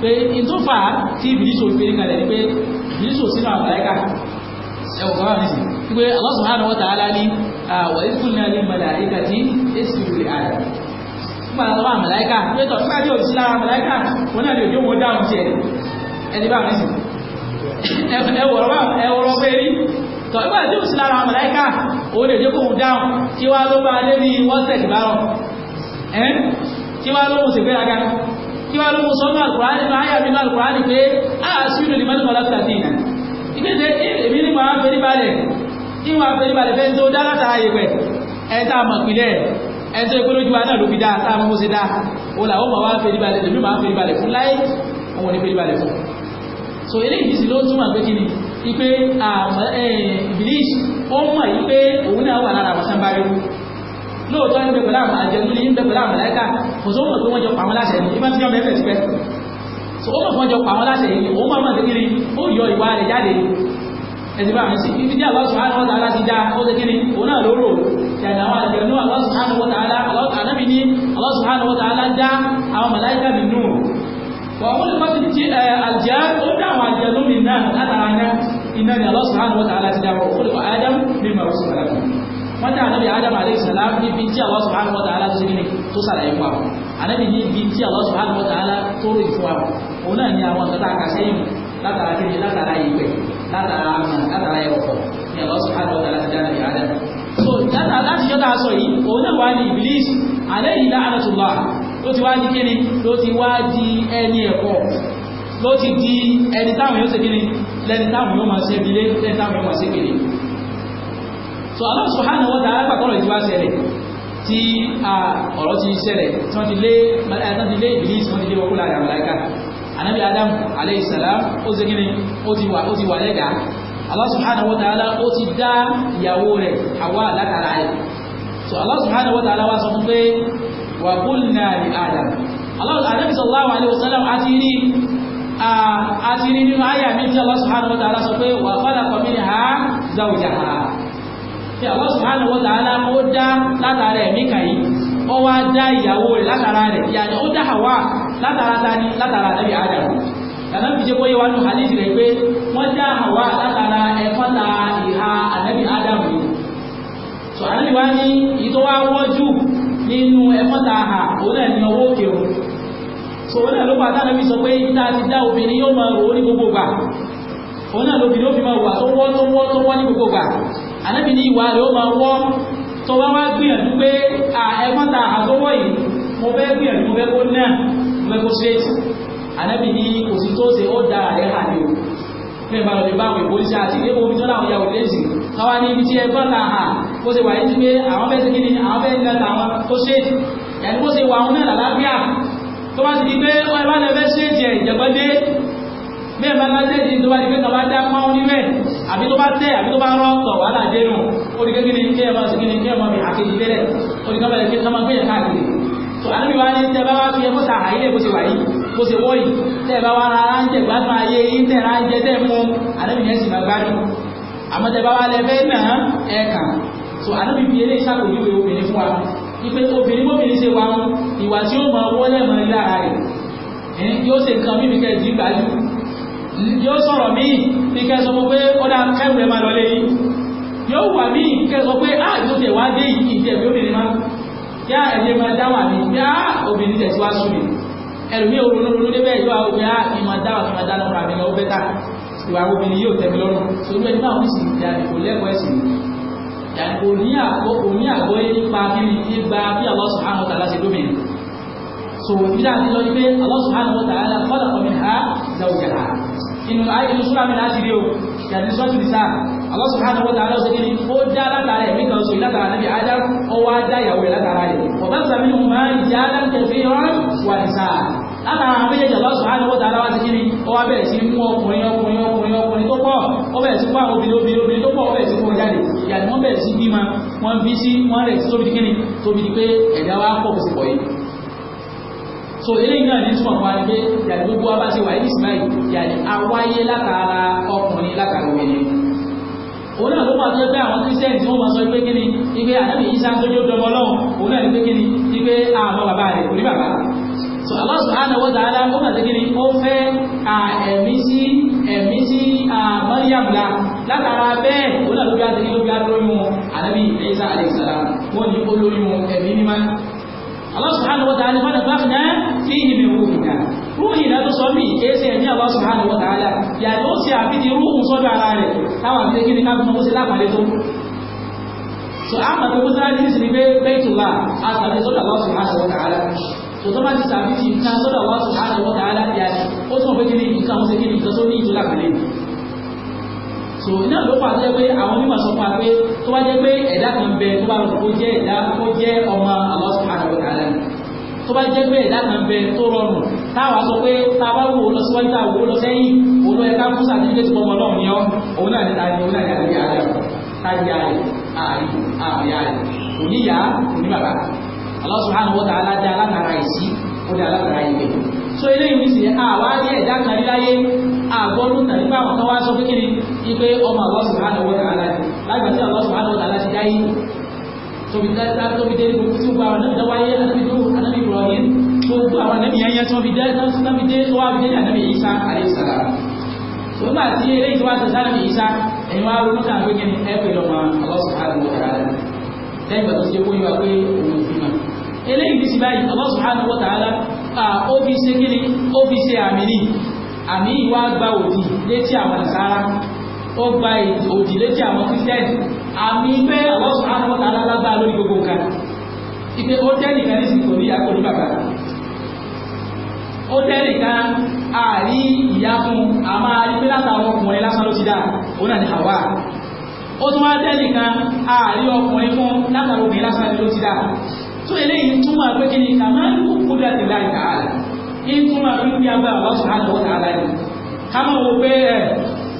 pé ìtúfà tí ìbílísò fi kalẹ̀ ni pé ìbílísò sínú àmàlẹ́kà ẹ̀wọ̀n kọ́ báwọn nìsín pé ọlọ́sùn máa ń wọ́n tààlà ní àwọn ìkúnlẹ̀ ní màláíkà tí èsì rẹ̀ àdá nígbà tó wà màláíkà pé tọ̀ nígbà tí òṣìṣẹ́ lára màláíkà wọn náà lè jó wọn dáhùn tiẹ̀ ẹni bá mẹ́sìn ẹwọ̀rọ̀ bá ẹwọ̀rọ̀ pé rí tọ́ ẹgbà tí ó sì lára màláíkà ó lè jẹ́ kóhun dáhùn kí wá ló bá lé ní wọ́n sẹ̀tì bá rọ̀ ẹ́n kí wá ló mú sí gbéraga kí wá ló mú sọ́nà àlùkùránì máa yà nínú àlùkùránì pé a sì lò ní mẹ́tìmọ̀ látàtì ìnà ìgbésẹ̀ èmi ní wàá fẹ́ níbalẹ̀ ní wàá fẹ́ níbalẹ̀ fẹ́ tó dá látara yẹpẹ̀ ẹ tá a mọ̀ pìlẹ̀ ẹ tó ikú fún so eléyìí sì ló túmọ̀ pé kíni ipe ibilis ó mọ̀ ipe òun náà wà lára àwọn sanbariwo lóòótọ́ ń bẹ pẹ̀lú àwọn àjẹnú ní ń bẹ pẹ̀lú àwọn màláíkà kò sówó mọ̀ pé wọ́n jọ pa wọn láṣẹ ní ibà tí wọ́n bẹ̀rẹ̀ tipẹ́ so ó mọ̀ fún ọjọ́ pa wọn láṣẹ yìí òun máa mọ̀ sí kíni ó yọ ìwà rẹ̀ jáde ẹni bá mi sí ibi tí Allah subhanahu wa ta'ala ti dá ó ṣe kíni òun náà ló rò yàtọ̀ àwọn àjẹnú Allah subhanahu wa ta'ala alábi ní Allah subhanahu wa ta'ala dá àwọn màláíkà wọ́n lè fásitì tí àjá ó dá àwọn àjá lómi náà látara náà iná ni Allah subhanahu wa ta'ala ti dáwọ́ ó lè wọ Adam ní ma wọ́n sọ̀rọ̀ wọ́n dá ànábì Adam alayhi salam níbi tí Allah subhanahu wa ta'ala ti ní tó sàlàyé fún wa ànábì ní ibi tí Allah subhanahu wa ta'ala tó rí fún wa òun náà ni àwọn nǹkan tá a kà sẹ́yìn látara kí ni látara ìwẹ̀ látara àmà látara ẹ̀wọ̀kọ̀ ni Allah subhanahu wa ta'ala ti dá Adam so látara láti yọ́ta sọ yìí òun náà wà ní Iblis alayhi la'natullah ló ti wá di kíni ló ti wá di ẹni ẹ̀kọ́ ló ti di ẹni táwọn yóò ṣe kíni lẹni táwọn yóò máa ṣe bilé lẹni táwọn yóò máa ṣe kíni so Allah subhanahu wa ta'ala alápàkọ́rọ̀ ìdíwá ṣẹlẹ̀ a ọ̀rọ̀ ti ṣẹlẹ̀ tí wọ́n ti lé ìbílísì wọ́n ti lé wọ́kúlá rẹ̀ adam alayhi salam ó ṣe gíní ó ti wà lẹ́gà Allah subhanahu wa ta'ala ó ti dá ìyàwó rẹ̀ so Allah subhanahu wa ta'ala sọ fún pé wà bólúnà ní adam alábi sallallahu alaihi wasallam àti rí àti rí nínú àyà mi tí Allah subhanahu wa ta'ala sọ pé wà khalaqa minha zawjaha tí Allah subhanahu wa ta'ala ó dá látara ẹ̀mí kàyí ànábì jẹ́ bóyá wà nù hadith rẹ̀ pé wọ́n dá Hawa látara ẹ̀kọ́ta ìhà ànábì adam yìí sọ ànábì wa ní ìtọ́wá wọ́jú nínú ẹ̀kọ́ta àhà òun náà ní ọwọ́ òkè òun so òun náà ló pa tánàbí sọ pé ìta ti dá obìnrin yóò máa rò ó ní gbogbo gbà òun náà lóbìnrin ó fi máa wà tó wọ́ tó wọ́ tó wọ́ ní gbogbo gbà ànábì ní ìwà rẹ̀ ó máa wọ́ tó bá wá gbìyànjú pé àhà tó wọ́ yìí fẹ́ bá lọ́lẹ̀ bá àwọn ìpolíṣẹ́ àti ilé omi tó láwọn ìyàwó lẹ́sìn káwá ní ibi tí ẹ bá ta hà ó ṣe wà ní ti pé àwọn fẹ́ ṣe kí ni àwọn fẹ́ nílẹ̀ tàwọn tó ṣe ẹni bó ṣe wà àwọn náà lálàáfíà tó bá ti di pé wọ́n bá lọ fẹ́ ṣe jẹ ìjẹ̀bọ́n dé bẹ́ẹ̀ bá lọ́jẹ́ di tó bá di pé kàbá dá pọ́n níbẹ̀ àbí tó bá tẹ̀ àbí tó bá rọ́ tọ̀ wàhálà dé nù ó di kékeré kí ẹ máa ṣe kí ni kí ẹ máa fi àkejì lélẹ̀ ó di kábẹ̀rẹ̀ kí ẹ máa gbé yẹn káàkiri tó àdébíwá ní tẹ bá wá fi ẹ kó sa àyè lè kó ṣe wà bó ṣe wọ́ yìí tẹ́ ẹ bá wá rárá ń jẹ gbádùn ayé yín tẹ́ ra ń jẹ tẹ́ mú ànábì yẹn sì máa gbádùn àmọ́ tẹ́ bá wá lẹ fẹ́ ẹ kàn so ànábì fi eléyìí ṣàkójúwe obìnrin fún wa ipe obìnrin bóbìnrin ṣe wa ìwà tí ó máa wọlé mọ́ ilé ara rẹ̀ yóò ṣe nǹkan mímí kẹ́ ìdí gbájú yóò sọ̀rọ̀ míì ní kẹ́ sọ pé ó dá kẹ́rù ẹ̀ máa lọ léyìn yóò wà míì kẹ́ sọ pé á yóò tẹ̀ wá dé ìdí ẹ̀mí obìnrin máa yá ẹ̀yẹ máa dá wà mí yá obìnrin tẹ̀ sí ẹlòmíì olólùlù níbẹ̀ yóò wá wípé ah ìmọ̀ dá wà fún adáná fún àbíyàn ó bẹ́ tà ìwà obìnrin yóò tẹ̀mí lọ́rùn sórí ẹni náà ní sìn ìyá kò lẹ́kọ̀ọ́ ẹ̀sìn ní àgọ́ kò ní àgọ́ yé nípa kíni nípa bí Allah subhanahu wa ta'ala ṣe lómìnir so ìdílé àti lọ wípé Allah subhanahu wa ta'ala khalaqa minha zawjaha inú ayé ìṣúra mi láti rí yàtí sọ́tù nìsa Allah subhanahu wa ta'ala ṣe kíni ó dá látara ẹ̀mí kan sùn látara nàbí adam ó wá dá ìyàwó rẹ̀ látara rẹ̀ ọ̀bá sàmì mọ́ ìjà aláǹkẹ̀fẹ́ rán wà nìsa látara àwọn méjèèjì Allah subhanahu wa ta'ala wá ṣe kíni ó wá bẹ̀rẹ̀ sí mú ọkùnrin ọkùnrin ọkùnrin ọkùnrin tó pọ̀ ó bẹ̀rẹ̀ sí mú àwọn obìnrin obìnrin obìnrin tó pọ̀ ó bẹ̀rẹ̀ sí mú ọjáde ìyàtí wọ́n bẹ̀rẹ̀ sí bímọ wọ́n bí sí wọ́n rẹ̀ sí tóbi kíni tóbi di pé ẹ̀dá wa pọ̀ sí pọ̀ yìí so eléyìí náà ní túmọ̀ fún wa ni pé yàtí gbogbo wa bá ṣe wà ní ìsìnbáyì yàtí awáyé látara ọkùnrin látara obìnrin òun náà ló máa tó pé àwọn kírísítẹ́nì tí wọ́n máa sọ pé kí ni ipe ànábì Ìsá tó jó dọmọ lọ́hùn òun náà ní pé kí ni ipe àwọn bàbá rẹ̀ kò ní bàbá so Allah subhanahu wa ta'ala ó máa tó kí ni ó fẹ́ ẹ̀mí sí ẹ̀mí sí Maryam la látara bẹ́ẹ̀ òun náà ló bí adé ló bí adé lórí mu ànábì Ìsá alayhi salam wọ́n ní ó lórí mu ẹ̀mí mímá Allah subhanahu wa ta'ala fọ́nà bá fi náà sọ́dọ̀ ara rẹ̀ táwọn àti kí ni ká fún ọmọ sí lápàdé tó so a máa gbogbo sára níbi ìsinmi pé bẹ́ẹ̀tùlá a sàbí sọ́dọ̀ Allah subhanahu wa ta'ala so tó bá ti sàbí ti nǹkan sọ́dọ̀ Allah subhanahu wa ta'ala ti àti ó tún mọ̀ pé kí ni nǹkan ọ̀sẹ̀ kí ni nǹkan tó ní ìtura pẹ̀lẹ́ so iná ló fà jẹ́ pé àwọn onímọ̀ sọ fún wa pé tó bá jẹ́ pé ẹ̀dá kan bẹ tó táwa sọ pé tá a bá wò ó lọ síwájú tá a wò ó lọ sẹ́yìn òun ẹ̀ka fún sàtìfíkẹ́tì pọ̀ mọ́ ọlọ́run yọ òun náà ní ta ni òun náà ní àlejò àlẹ́ táyà rẹ̀ ààrí ààyà rẹ̀ oníyà òní bàbá Allah subhanahu wa ta'ala dá alátara ìsí ó dá alátara ìgbẹ́ so eléyìí ní sìn àwa ní ẹ̀dá kan rí láyé àgbọ̀dún tàbí báwọn kan wá sọ pé kíni ipe ọmọ Allah subhanahu wa ta'ala lágbàá tí Allah subhanahu wa ta'ala ti dá yìí tóbi dé gbogbo tí ó gba àwọn anábìdáwáyé anábìdó anábìbùrọ̀ yìí gbogbo àwọn ànábì yẹn yẹn tí wọ́n fi dé tán fi dé tó wá fi dé ànábì Ìsá alayhi salam tó bá ti eléyìí tó wá ti sáré Ìsá ẹ̀yin wá ronú kan pé kíni ẹ pè lọ́mọ Allah subhanahu wa ta'ala lẹ́yìn ìgbà tó ṣe kó yíwa pé òun fi mà eléyìí ti sì báyìí Allah subhanahu wa ta'ala ó fi ṣe kíni ó fi ṣe àmì ní àmì ìwà gba òdì létí àwọn àsára ó gba òdì létí àwọn kírísítẹ́nì àmì pé Allah subhanahu wa lágbára lórí gbogbo nǹkan ìpè ó tẹ́ nìkan ní ìsìnkò ní àkọ́lù bàbá ó tẹ́lẹ̀ ká àrí ìyá fún a máa rí pé látàwọn ọkùnrin lásán ló ti dá òun náà ni Hawa ó tún wá tẹ́lẹ̀ ká àrí ọkùnrin fún látàwọn obìnrin lásán ló ti dá tó eléyìí túmọ̀ pé kí ni kàmáàlú kúdà ti láì tààlà kí túmọ̀ pé kí agbá àwọn sùhánà wọ́n tààlà ni ká mọ̀ wo pé ẹ̀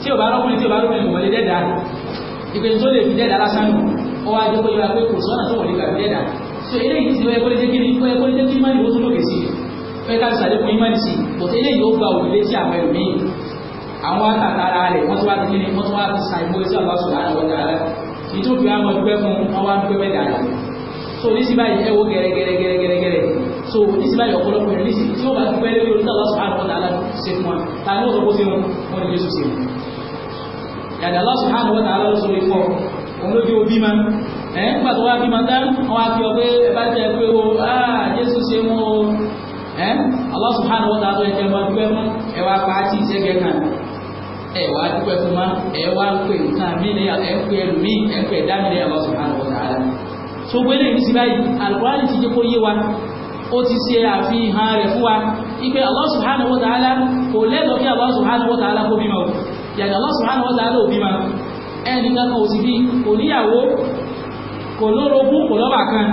tí ò bá rọ́kùnrin tí ò bá rọ́kùnrin kò lè dẹ́dà ìpè tó lè fi dẹ́dà lásán nù ó so eléyìí ti wọ́n ẹ̀kọ́ lè jẹ́ kí ni fẹ́ ká ṣàlékún ìmọ̀nìsì kò tẹ́lẹ̀ yóò gba òrùlé tí àwọn ẹ̀rù míì àwọn àtàtàrà rẹ̀ wọ́n tó wá ti kíni wọ́n tó wá ti ṣàìmọ́ sí àwọn aṣọ àwọn ọ̀dà rẹ̀ ìtòkè àwọn ọdún pẹ́ fún wọn wá ń pẹ́ mẹ́ta rẹ̀ so ní síbá yìí ẹ wo gẹ́rẹ́gẹ́rẹ́gẹ́rẹ́gẹ́rẹ́ so ní síbá yìí ọ̀pọ̀lọpọ̀ yẹn nísì tí ó bá ti pẹ́ lórí orí náà lọ́sùn àwọn ọ̀dà ṣe fún wọn ta ni ó sọ pé ṣe wọn wọn ni Jésù ṣe wọn. yàtọ̀ lọ́sùn àwọn ọ̀dà aláṣọ lè fọ òun ló dé obí ma ẹ̀ ń gbàtọ́ wá bí ma dá wọn á fi ọ pé ẹ bá jẹ pé o ah Jésù ṣe wọn o ẹ́ Allah subhanahu wa ta'ala ẹ̀jẹ̀ máa dúpẹ́ mọ́ ẹ wá pa á tì í sẹ́gẹ̀ẹ́ kan ẹ wá dúpẹ́ fún ma ẹ wá ń pè nǹkan mí ni ẹ ń pè ẹlòmí ẹ ń pè ẹ̀dá mi ni Allah subhanahu wa ta'ala. so gbélé yìí sí báyìí Al-Qur'an ti jẹ́ kó yé wa ó ti ṣe àfihàn rẹ̀ fún wa ipe Allah subhanahu wa ta'ala kò lẹ́tọ̀ọ́ kí Allah subhanahu wa ta'ala kó bímọ yàtọ̀ Allah subhanahu wa ta'ala ò bímọ ẹnì kankan ò sì bí kò níyàwó kò lórogún kò lọ́bà kan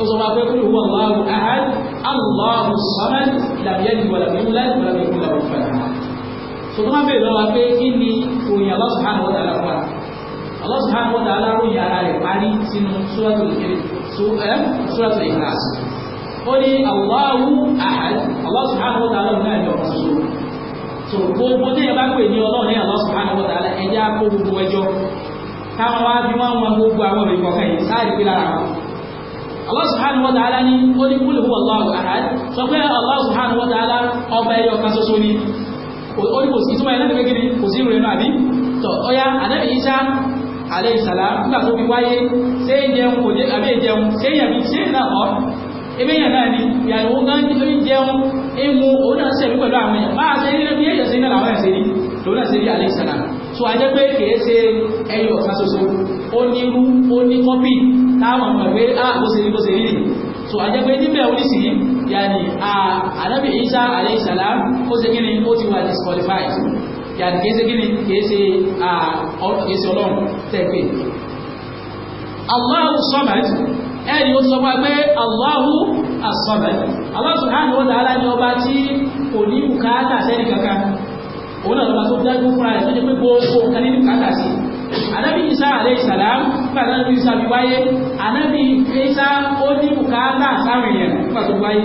ó sọ máa fẹ́ kúrò wọ́n láàrú ahad aláàrú sọ́mẹ́t làbíyẹ́dì wà làbíyẹ́dì wà làbíyẹ́dì wà làbíyẹ́dì so tó máa bèèrè lọ́wọ́ pé kí ni òyìn Allah subhanahu wa ta'ala wà Allah subhanahu wa ta'ala ròyìn ara rẹ̀ parí sínú suratul ikhlas eh, ó ní aláàrú ahad Allah subhanahu wa ta'ala náà ní ọ̀pọ̀ so gbogbo tí ẹ bá pè ní ọlọ́run ní Allah subhanahu wa ta'ala ẹjẹ́ á kó gbogbo ẹjọ́ káwọn wá bí wọ́n wọn gbogbo àwọn ìkọ̀kẹ́ yìí sáà Allah subhanahu wa ta'ala ní ó ní qul huwa Allahu ahad sọ pé Allah subhanahu wa ta'ala ọba ẹyọ kan ṣoṣo ni ó ní kò sí ìtumọ̀ ẹ̀nà ìgbẹ́ gidi kò sí ìrìnà àbí tọ̀ ọya ànábì Isa alayhi salam nígbà tó fi wáyé ṣé jẹun kò jẹ àbí jẹun ṣé yàbí ṣé náà kọ́ ebe yẹn náà ni ìyàwó gan ní jẹun emu òun náà ṣẹ̀mí pẹ̀lú àwọn èèyàn máa ṣe ní bí èèyàn ṣe ní làwọn èèyàn ṣe ní lòun ṣe ní alayhi salam so a pé kìí ṣe ẹyọ kan ṣoṣo ó ní ah táwọn ọmọ ìwé á ah, rí rí so yàní Isa ala salam ó ó ti wà disqualified yàní kìí ṣe kí ni ọlọ́run Allahu Samad ẹni ó sọ wá pé Allahu as Allahu Allah subhanahu wa ta'ala ọba tí kò ní sẹ́ni kankan òun náà lọ́ba tó dájú tó ànábì isa alayhi salam nígbà tí ànábì isa fi wáyé ànábì isa ó ní bùkátà sáwọn èèyàn nígbà tó wáyé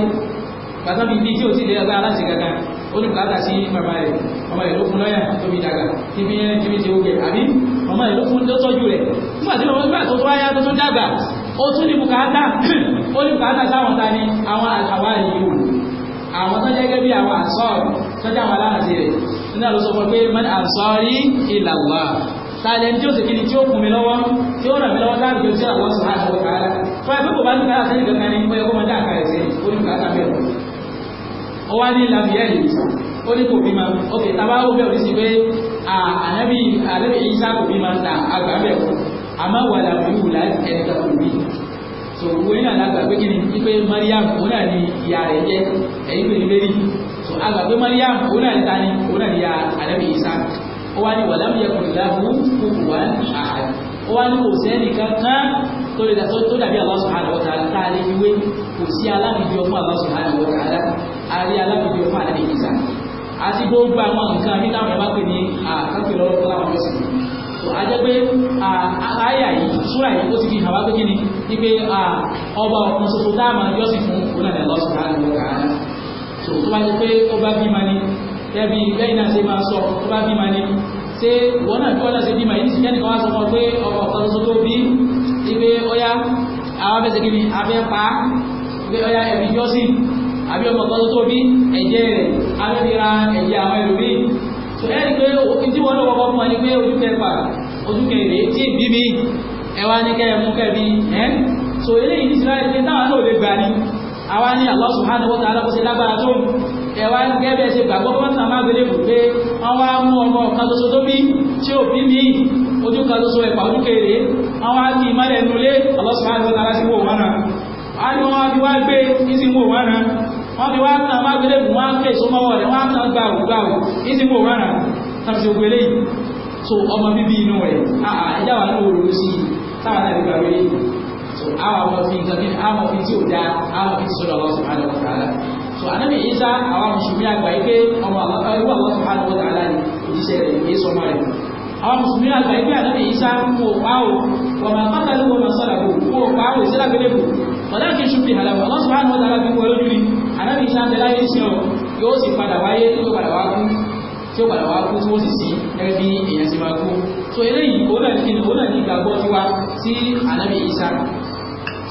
bàtà bíi bíi tí o ti lè ọgbà aláṣẹ kankan ó ní bùkátà sí bàbá rẹ̀ ọmọ rẹ̀ ló fún lọ́yà tó fi dàgbà tí fi yẹn tí fi ṣe oge àbí ọmọ rẹ̀ ló fún tó tọ́jú rẹ̀ nígbà tí wọ́n gbà tó tó wáyá tó tó dàgbà ó tún ní bùkátà ó ní bùkátà sáwọn ta ni àwọn àwa yìí àwọn tó jẹ́ gẹ́gẹ́ bí àwọn àṣọ sọ́jà àwọn aláàṣẹ rẹ̀ nígbà tó sọ fún pé mọ́ni àṣọ rí tààlẹ̀ tí ó sì kiri tí ó kùn mi lọ́wọ́ tí ó ràn mí lọ́wọ́ láàrin tí ó àwọn sọ̀rọ̀ àti ọ̀rọ̀ ara fún ẹgbẹ́ kò bá ní káyà sẹ́yìn kankan ní pé ọgbọ́n dá àkàrẹ̀ sí oníkàkà bẹ̀rẹ̀ ó wá ní làbíyẹ̀lì ok tábà ó bẹ̀rù sí pé ànábì ànábì ìsá kò bímọ ta àgbà bẹ̀rù àmọ́ wà làbí wù láti ẹni kankan bí so wo ní àlágbà pé kí ni ipe Mariam òun náà ni ìyá rẹ̀ jẹ́ ẹ̀yìn pèrè lérí so àgbà pé Mariam òun náà ni ta ni òun náà ni ìyá ànábì ìsá ó wá ní wàlámù yẹ kùn ìdáhùn kùn wá ní àhàd ó wá ní kò sẹ́ni kankan tó lè dàtọ́ tó dàbí Allah subhanahu wa ta'ala tá a lè fi wé kò sí alábìbí ọmọ Allah subhanahu wa ta'ala a rí alábìbí ọmọ àlẹ́ ìgbésà àti gbogbo àwọn nǹkan bí táwọn ẹ̀bá pè ní àkàkùn lọ́wọ́ tó láwọn ọ̀sẹ̀ tó a pé àyà yìí súrà yìí ó ti fi hàn wá pé kí ni ní pé ọba ọ̀kan ṣoṣo táwọn yọ̀sìn fún òun náà Allah subhanahu wa ta'ala tó bá jẹ́ pé ó bá bí ma ní kẹbi lẹ́yìn náà ṣe máa sọ tó bá bímọ ni ṣé ìwọ náà kọ́ lọ́sẹ̀ bímọ yìí ṣìkẹ́ nìkan wá sọ fún ọ pé ọkọ̀ ọ̀kan tuntun tó bí ipe ọya àwọn abẹ́sẹ̀ kìíní abẹ́ pa ipe ọya ẹ̀mí jọ́sìn àbí ọkọ̀ ọ̀kan tuntun tó bí ẹ̀jẹ̀ rẹ̀ abẹ́bíra ẹ̀jẹ̀ àwọn ẹlòmíì tó ẹ̀rí pé tí wọ́n lọ́wọ́ kọ́ fún wa ni pé ojú kẹfà ojú kẹrẹ tí ì bí mi ẹ so eléyìí ti sọ ẹ̀ pé táwọn náà ò lè Allah subhanahu wa ta'ala kó ṣe ẹ̀wà gẹ́gẹ́ ṣe gbàgbọ́ fọ́nà máa gbélé kù pé àwọn amú ọmọ kan ṣoṣo tó bí tí ò bí mi ojú kan ṣoṣo ẹ̀pà ojú kéré àwọn akì ìmọ̀lẹ̀ nulé ọlọ́sùn àti a ní wọ́n fi wá gbé ìsìn wò wọ́n náà wọ́n fi wá kan máa gbélé kù wọ́n kẹ́ ìsọmọ́wọ́ rẹ̀ wọ́n kan gbà wù gbà wù ìsìn wò wọ́n náà tàbí ṣe gbélé so ọmọ bíbí inú rẹ̀ ẹ̀yà wà ní òru sí táwọn náà gbà wẹ́lẹ́ so àwọn ọmọ fi nǹkan kí àwọn ọmọ fi tí ò dáa àwọn ọmọ fi tí sọ́dọ̀ ọlọ́sùn àti ọ̀tara so anabi isa àwọn mùsùlùmí àgbà yìí pé ọmọ ìwà Allah subhanahu wa ta'ala ni òjíṣẹ́ rẹ̀ èyí sọmọ rẹ̀ àwọn mùsùlùmí àgbà yìí pé anabi isa kò pààwò wọ́n máa pátá ló wọ́n kò pààwò ìṣẹ́lá gbélébù ọ̀dà kì í ṣubú ìhàlàbù Allah subhanahu wa ta'ala fi wọ́n lójú ni anabi isa ń tẹ́lá yìí sí ọ yóò sì padà wáyé tó padà wá kú tí ó padà wá kú tí ó sì sí gẹ́gẹ́ bí èèyàn sì máa kú so eléyìí òun náà ní ìgbàgbọ́ tiwa sí anabi isa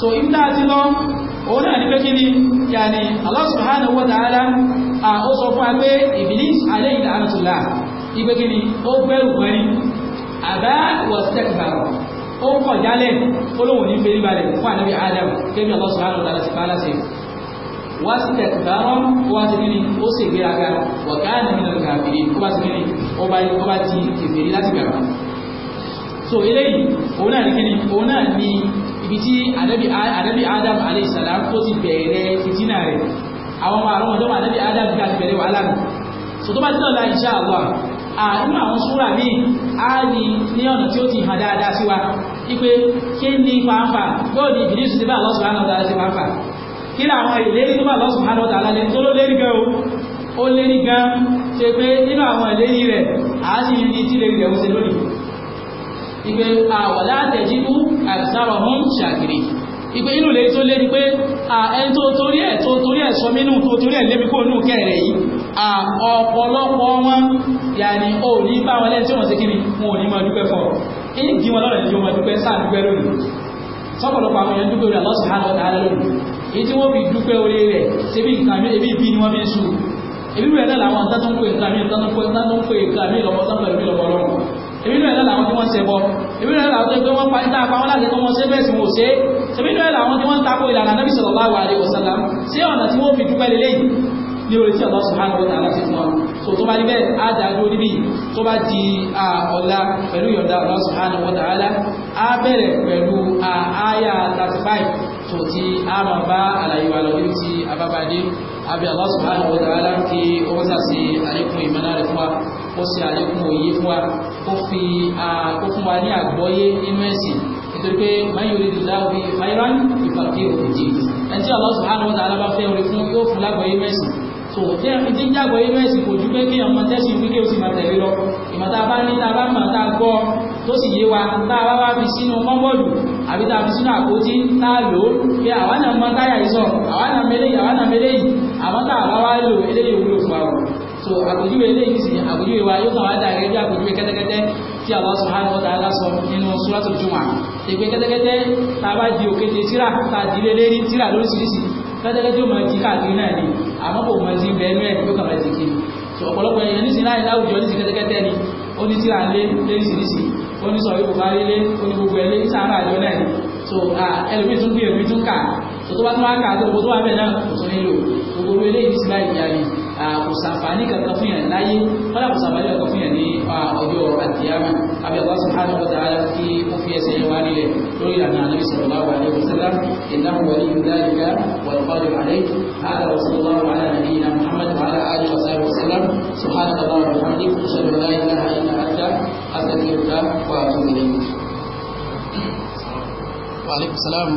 so ibi tá a ti lọ òun náà ní pé kí ni yàní Allah subhanahu wa ta'ala ó sọ fún wa pé Iblis alayhi la'natullah ìpè kí ni ó bẹ̀rù mọ́ni àbá wastakbara ó kọ̀ jálẹ̀ olóhùn ní fèrè balẹ̀ fún ànábì Adam kébí Allah subhanahu wa ta'ala ti kí ni ó sì gbéraga wa kana so eléyìí òun náà ní kí ni òun náà ní ibi tí ànábì adam aleyhisselam tó ti bẹ̀rẹ̀ fìtínà rẹ̀ àwọn ọmọ àwọn ọ̀dọ́mọ ànábì adam ti àti bẹ̀rẹ̀ wàhálà nù so tó bá ti dọ̀la insha Allah nínú àwọn súra míì á ní ní ọ̀nà tí ó ti hàn dáadáa sí wa wípé kí ni fàáfà yóò ní ìbílẹ̀ ìṣúté bá Allah subhanahu wa ta'ala sí fàáfà kí ni àwọn ìlérí tó bá Allah subhanahu wa ta'ala lẹ́ni tó ló lérí gan o ó lérí gan ṣe pé nínú àwọn ìlérí rẹ̀ àá sì ní ti lérí rẹ̀ ó ṣe lónìí ìpè àwàlá àtẹ̀jíbú àìsàrọ̀ hún ṣàkiri ìpè inú lè tó lé ní pé ẹni tó torí ẹ̀ tó torí ẹ̀ sọ mínú tó torí ẹ̀ lébi kó nù kẹrẹ̀ yìí ọ̀pọ̀lọpọ̀ wọn yàní o ní bá wọn lẹ́yìn tí wọ́n ṣe kí ni wọn ò ní máa dúpẹ́ fọ́ ẹni dí wọn lọ́rọ̀ ìdí wọn dúpẹ́ sáà dúpẹ́ lónìí sọ́pọ̀lọpọ̀ àwọn èèyàn dúpẹ́ orí Allah subhanahu wa ta'ala lónìí èyí tí wọ́n fi ìbínú ẹ̀ láwọn tí wọ́n ṣe bọ́ ìbínú ẹ̀ láwọn tí wọ́n pa níta apá wọn láti tó wọn ṣe bẹ́ẹ̀ sí wọn ò ṣe ìbínú ọ̀nà tí wọ́n fi dúpẹ́ lélẹ́yìn ní orí tí Allah subhanahu wa ta'ala fi fún wa so tó bá rí á dá dúró níbí tó bá di ọ̀la pẹ̀lú ìyọ̀dá Allah subhanahu wa ta'ala á bẹ̀rẹ̀ pẹ̀lú àyà 35 tó tí a máa bá àlàyé wa lọ́wọ́ tí a bá bá dé àbí Allah subhanahu wa ta'ala kí ó wọ́n sà sí àlékún ìmọ̀lá fún wa kó ṣe àlékún òye fún wa kó fi kó fún wa ní àgbọ́yé nínú ẹ̀sìn nítorí pé mayu rí dùdáwò bíi fáyọ́rán ìfàkì òkùnjì ẹni tí Allah subhanahu wa ta'ala bá orí fún yóò fún lágbọ́yé mẹ́sìn so tí a fi ti ń jágbọ́ yé mẹ́sìn kò ju pé kí ọmọ tẹ́sìn wí kí o sì máa tẹ̀lé lọ ìmọ̀ta bá ní ta bá mọ̀ ta gbọ́ tó sì yé wa tá a bá wá fi sínú kọ́ńbọ́ọ̀dù àbí tá a fi sínú àpótí tá a lò ó pé àwa náà mọ táyà yìí àwa náà mẹlẹ́yìn àwa náà mẹlẹ́yìn àmọ́ tá a bá wá lò eléyìí wúlò fún wa so àpèjúwe eléyìí sì àpèjúwe wa yóò kàn wá dà gẹ́gẹ́ bí àpèjúwe kẹ́tẹ́kẹ́tẹ́ tí Allah subhanahu wa ta'ala sọ nínú suratul Jumu'ah ìpè kẹ́tẹ́kẹ́tẹ́ tá a bá di òkété tíra tá a di lélẹ́ ní tíra lóríṣiríṣi kẹ́tẹ́kẹ́tẹ́ yóò máa di káàkiri náà ni àmọ́ kò máa di bẹ́ẹ̀ náà yóò kàn máa di kiri so ọ̀pọ̀lọpọ̀ èèyàn ní sinai láwùjọ ní ti kẹ́tẹ́kẹ́tẹ́ ni ó ní tíra lé lóríṣiríṣi ó ní sọ yóò bá rí lé ó ní gbogbo ẹ̀ lé sáárà àjọ náà ni so ẹlòmíì tún gbìyànjú tún kà tó tó bá tún wá kà tó gbogbo tó wà bẹ́ẹ̀ náà kò tún nílò gbogbo eléyìí kò sàǹfààní kankan fún yàn láyé kọ́lá kò sàǹfààní kankan fún yàn ní ọjọ́ àtìyámà àbí Allah subhanahu wa ta'ala kí ó fi ẹsẹ̀ yẹn wá nílẹ̀ lórí ìlànà ànábì sallallahu alaihi wasallam innahu waliyyu dhalika wal qadiru alayhi hada wa sallallahu ala nabiyyina muhammad wa ala alihi wa sahbihi wa sallam subhanaka allahumma wa bihamdika ashhadu an la ilaha illa anta astaghfiruka wa atubu ilayk wa alaykum assalam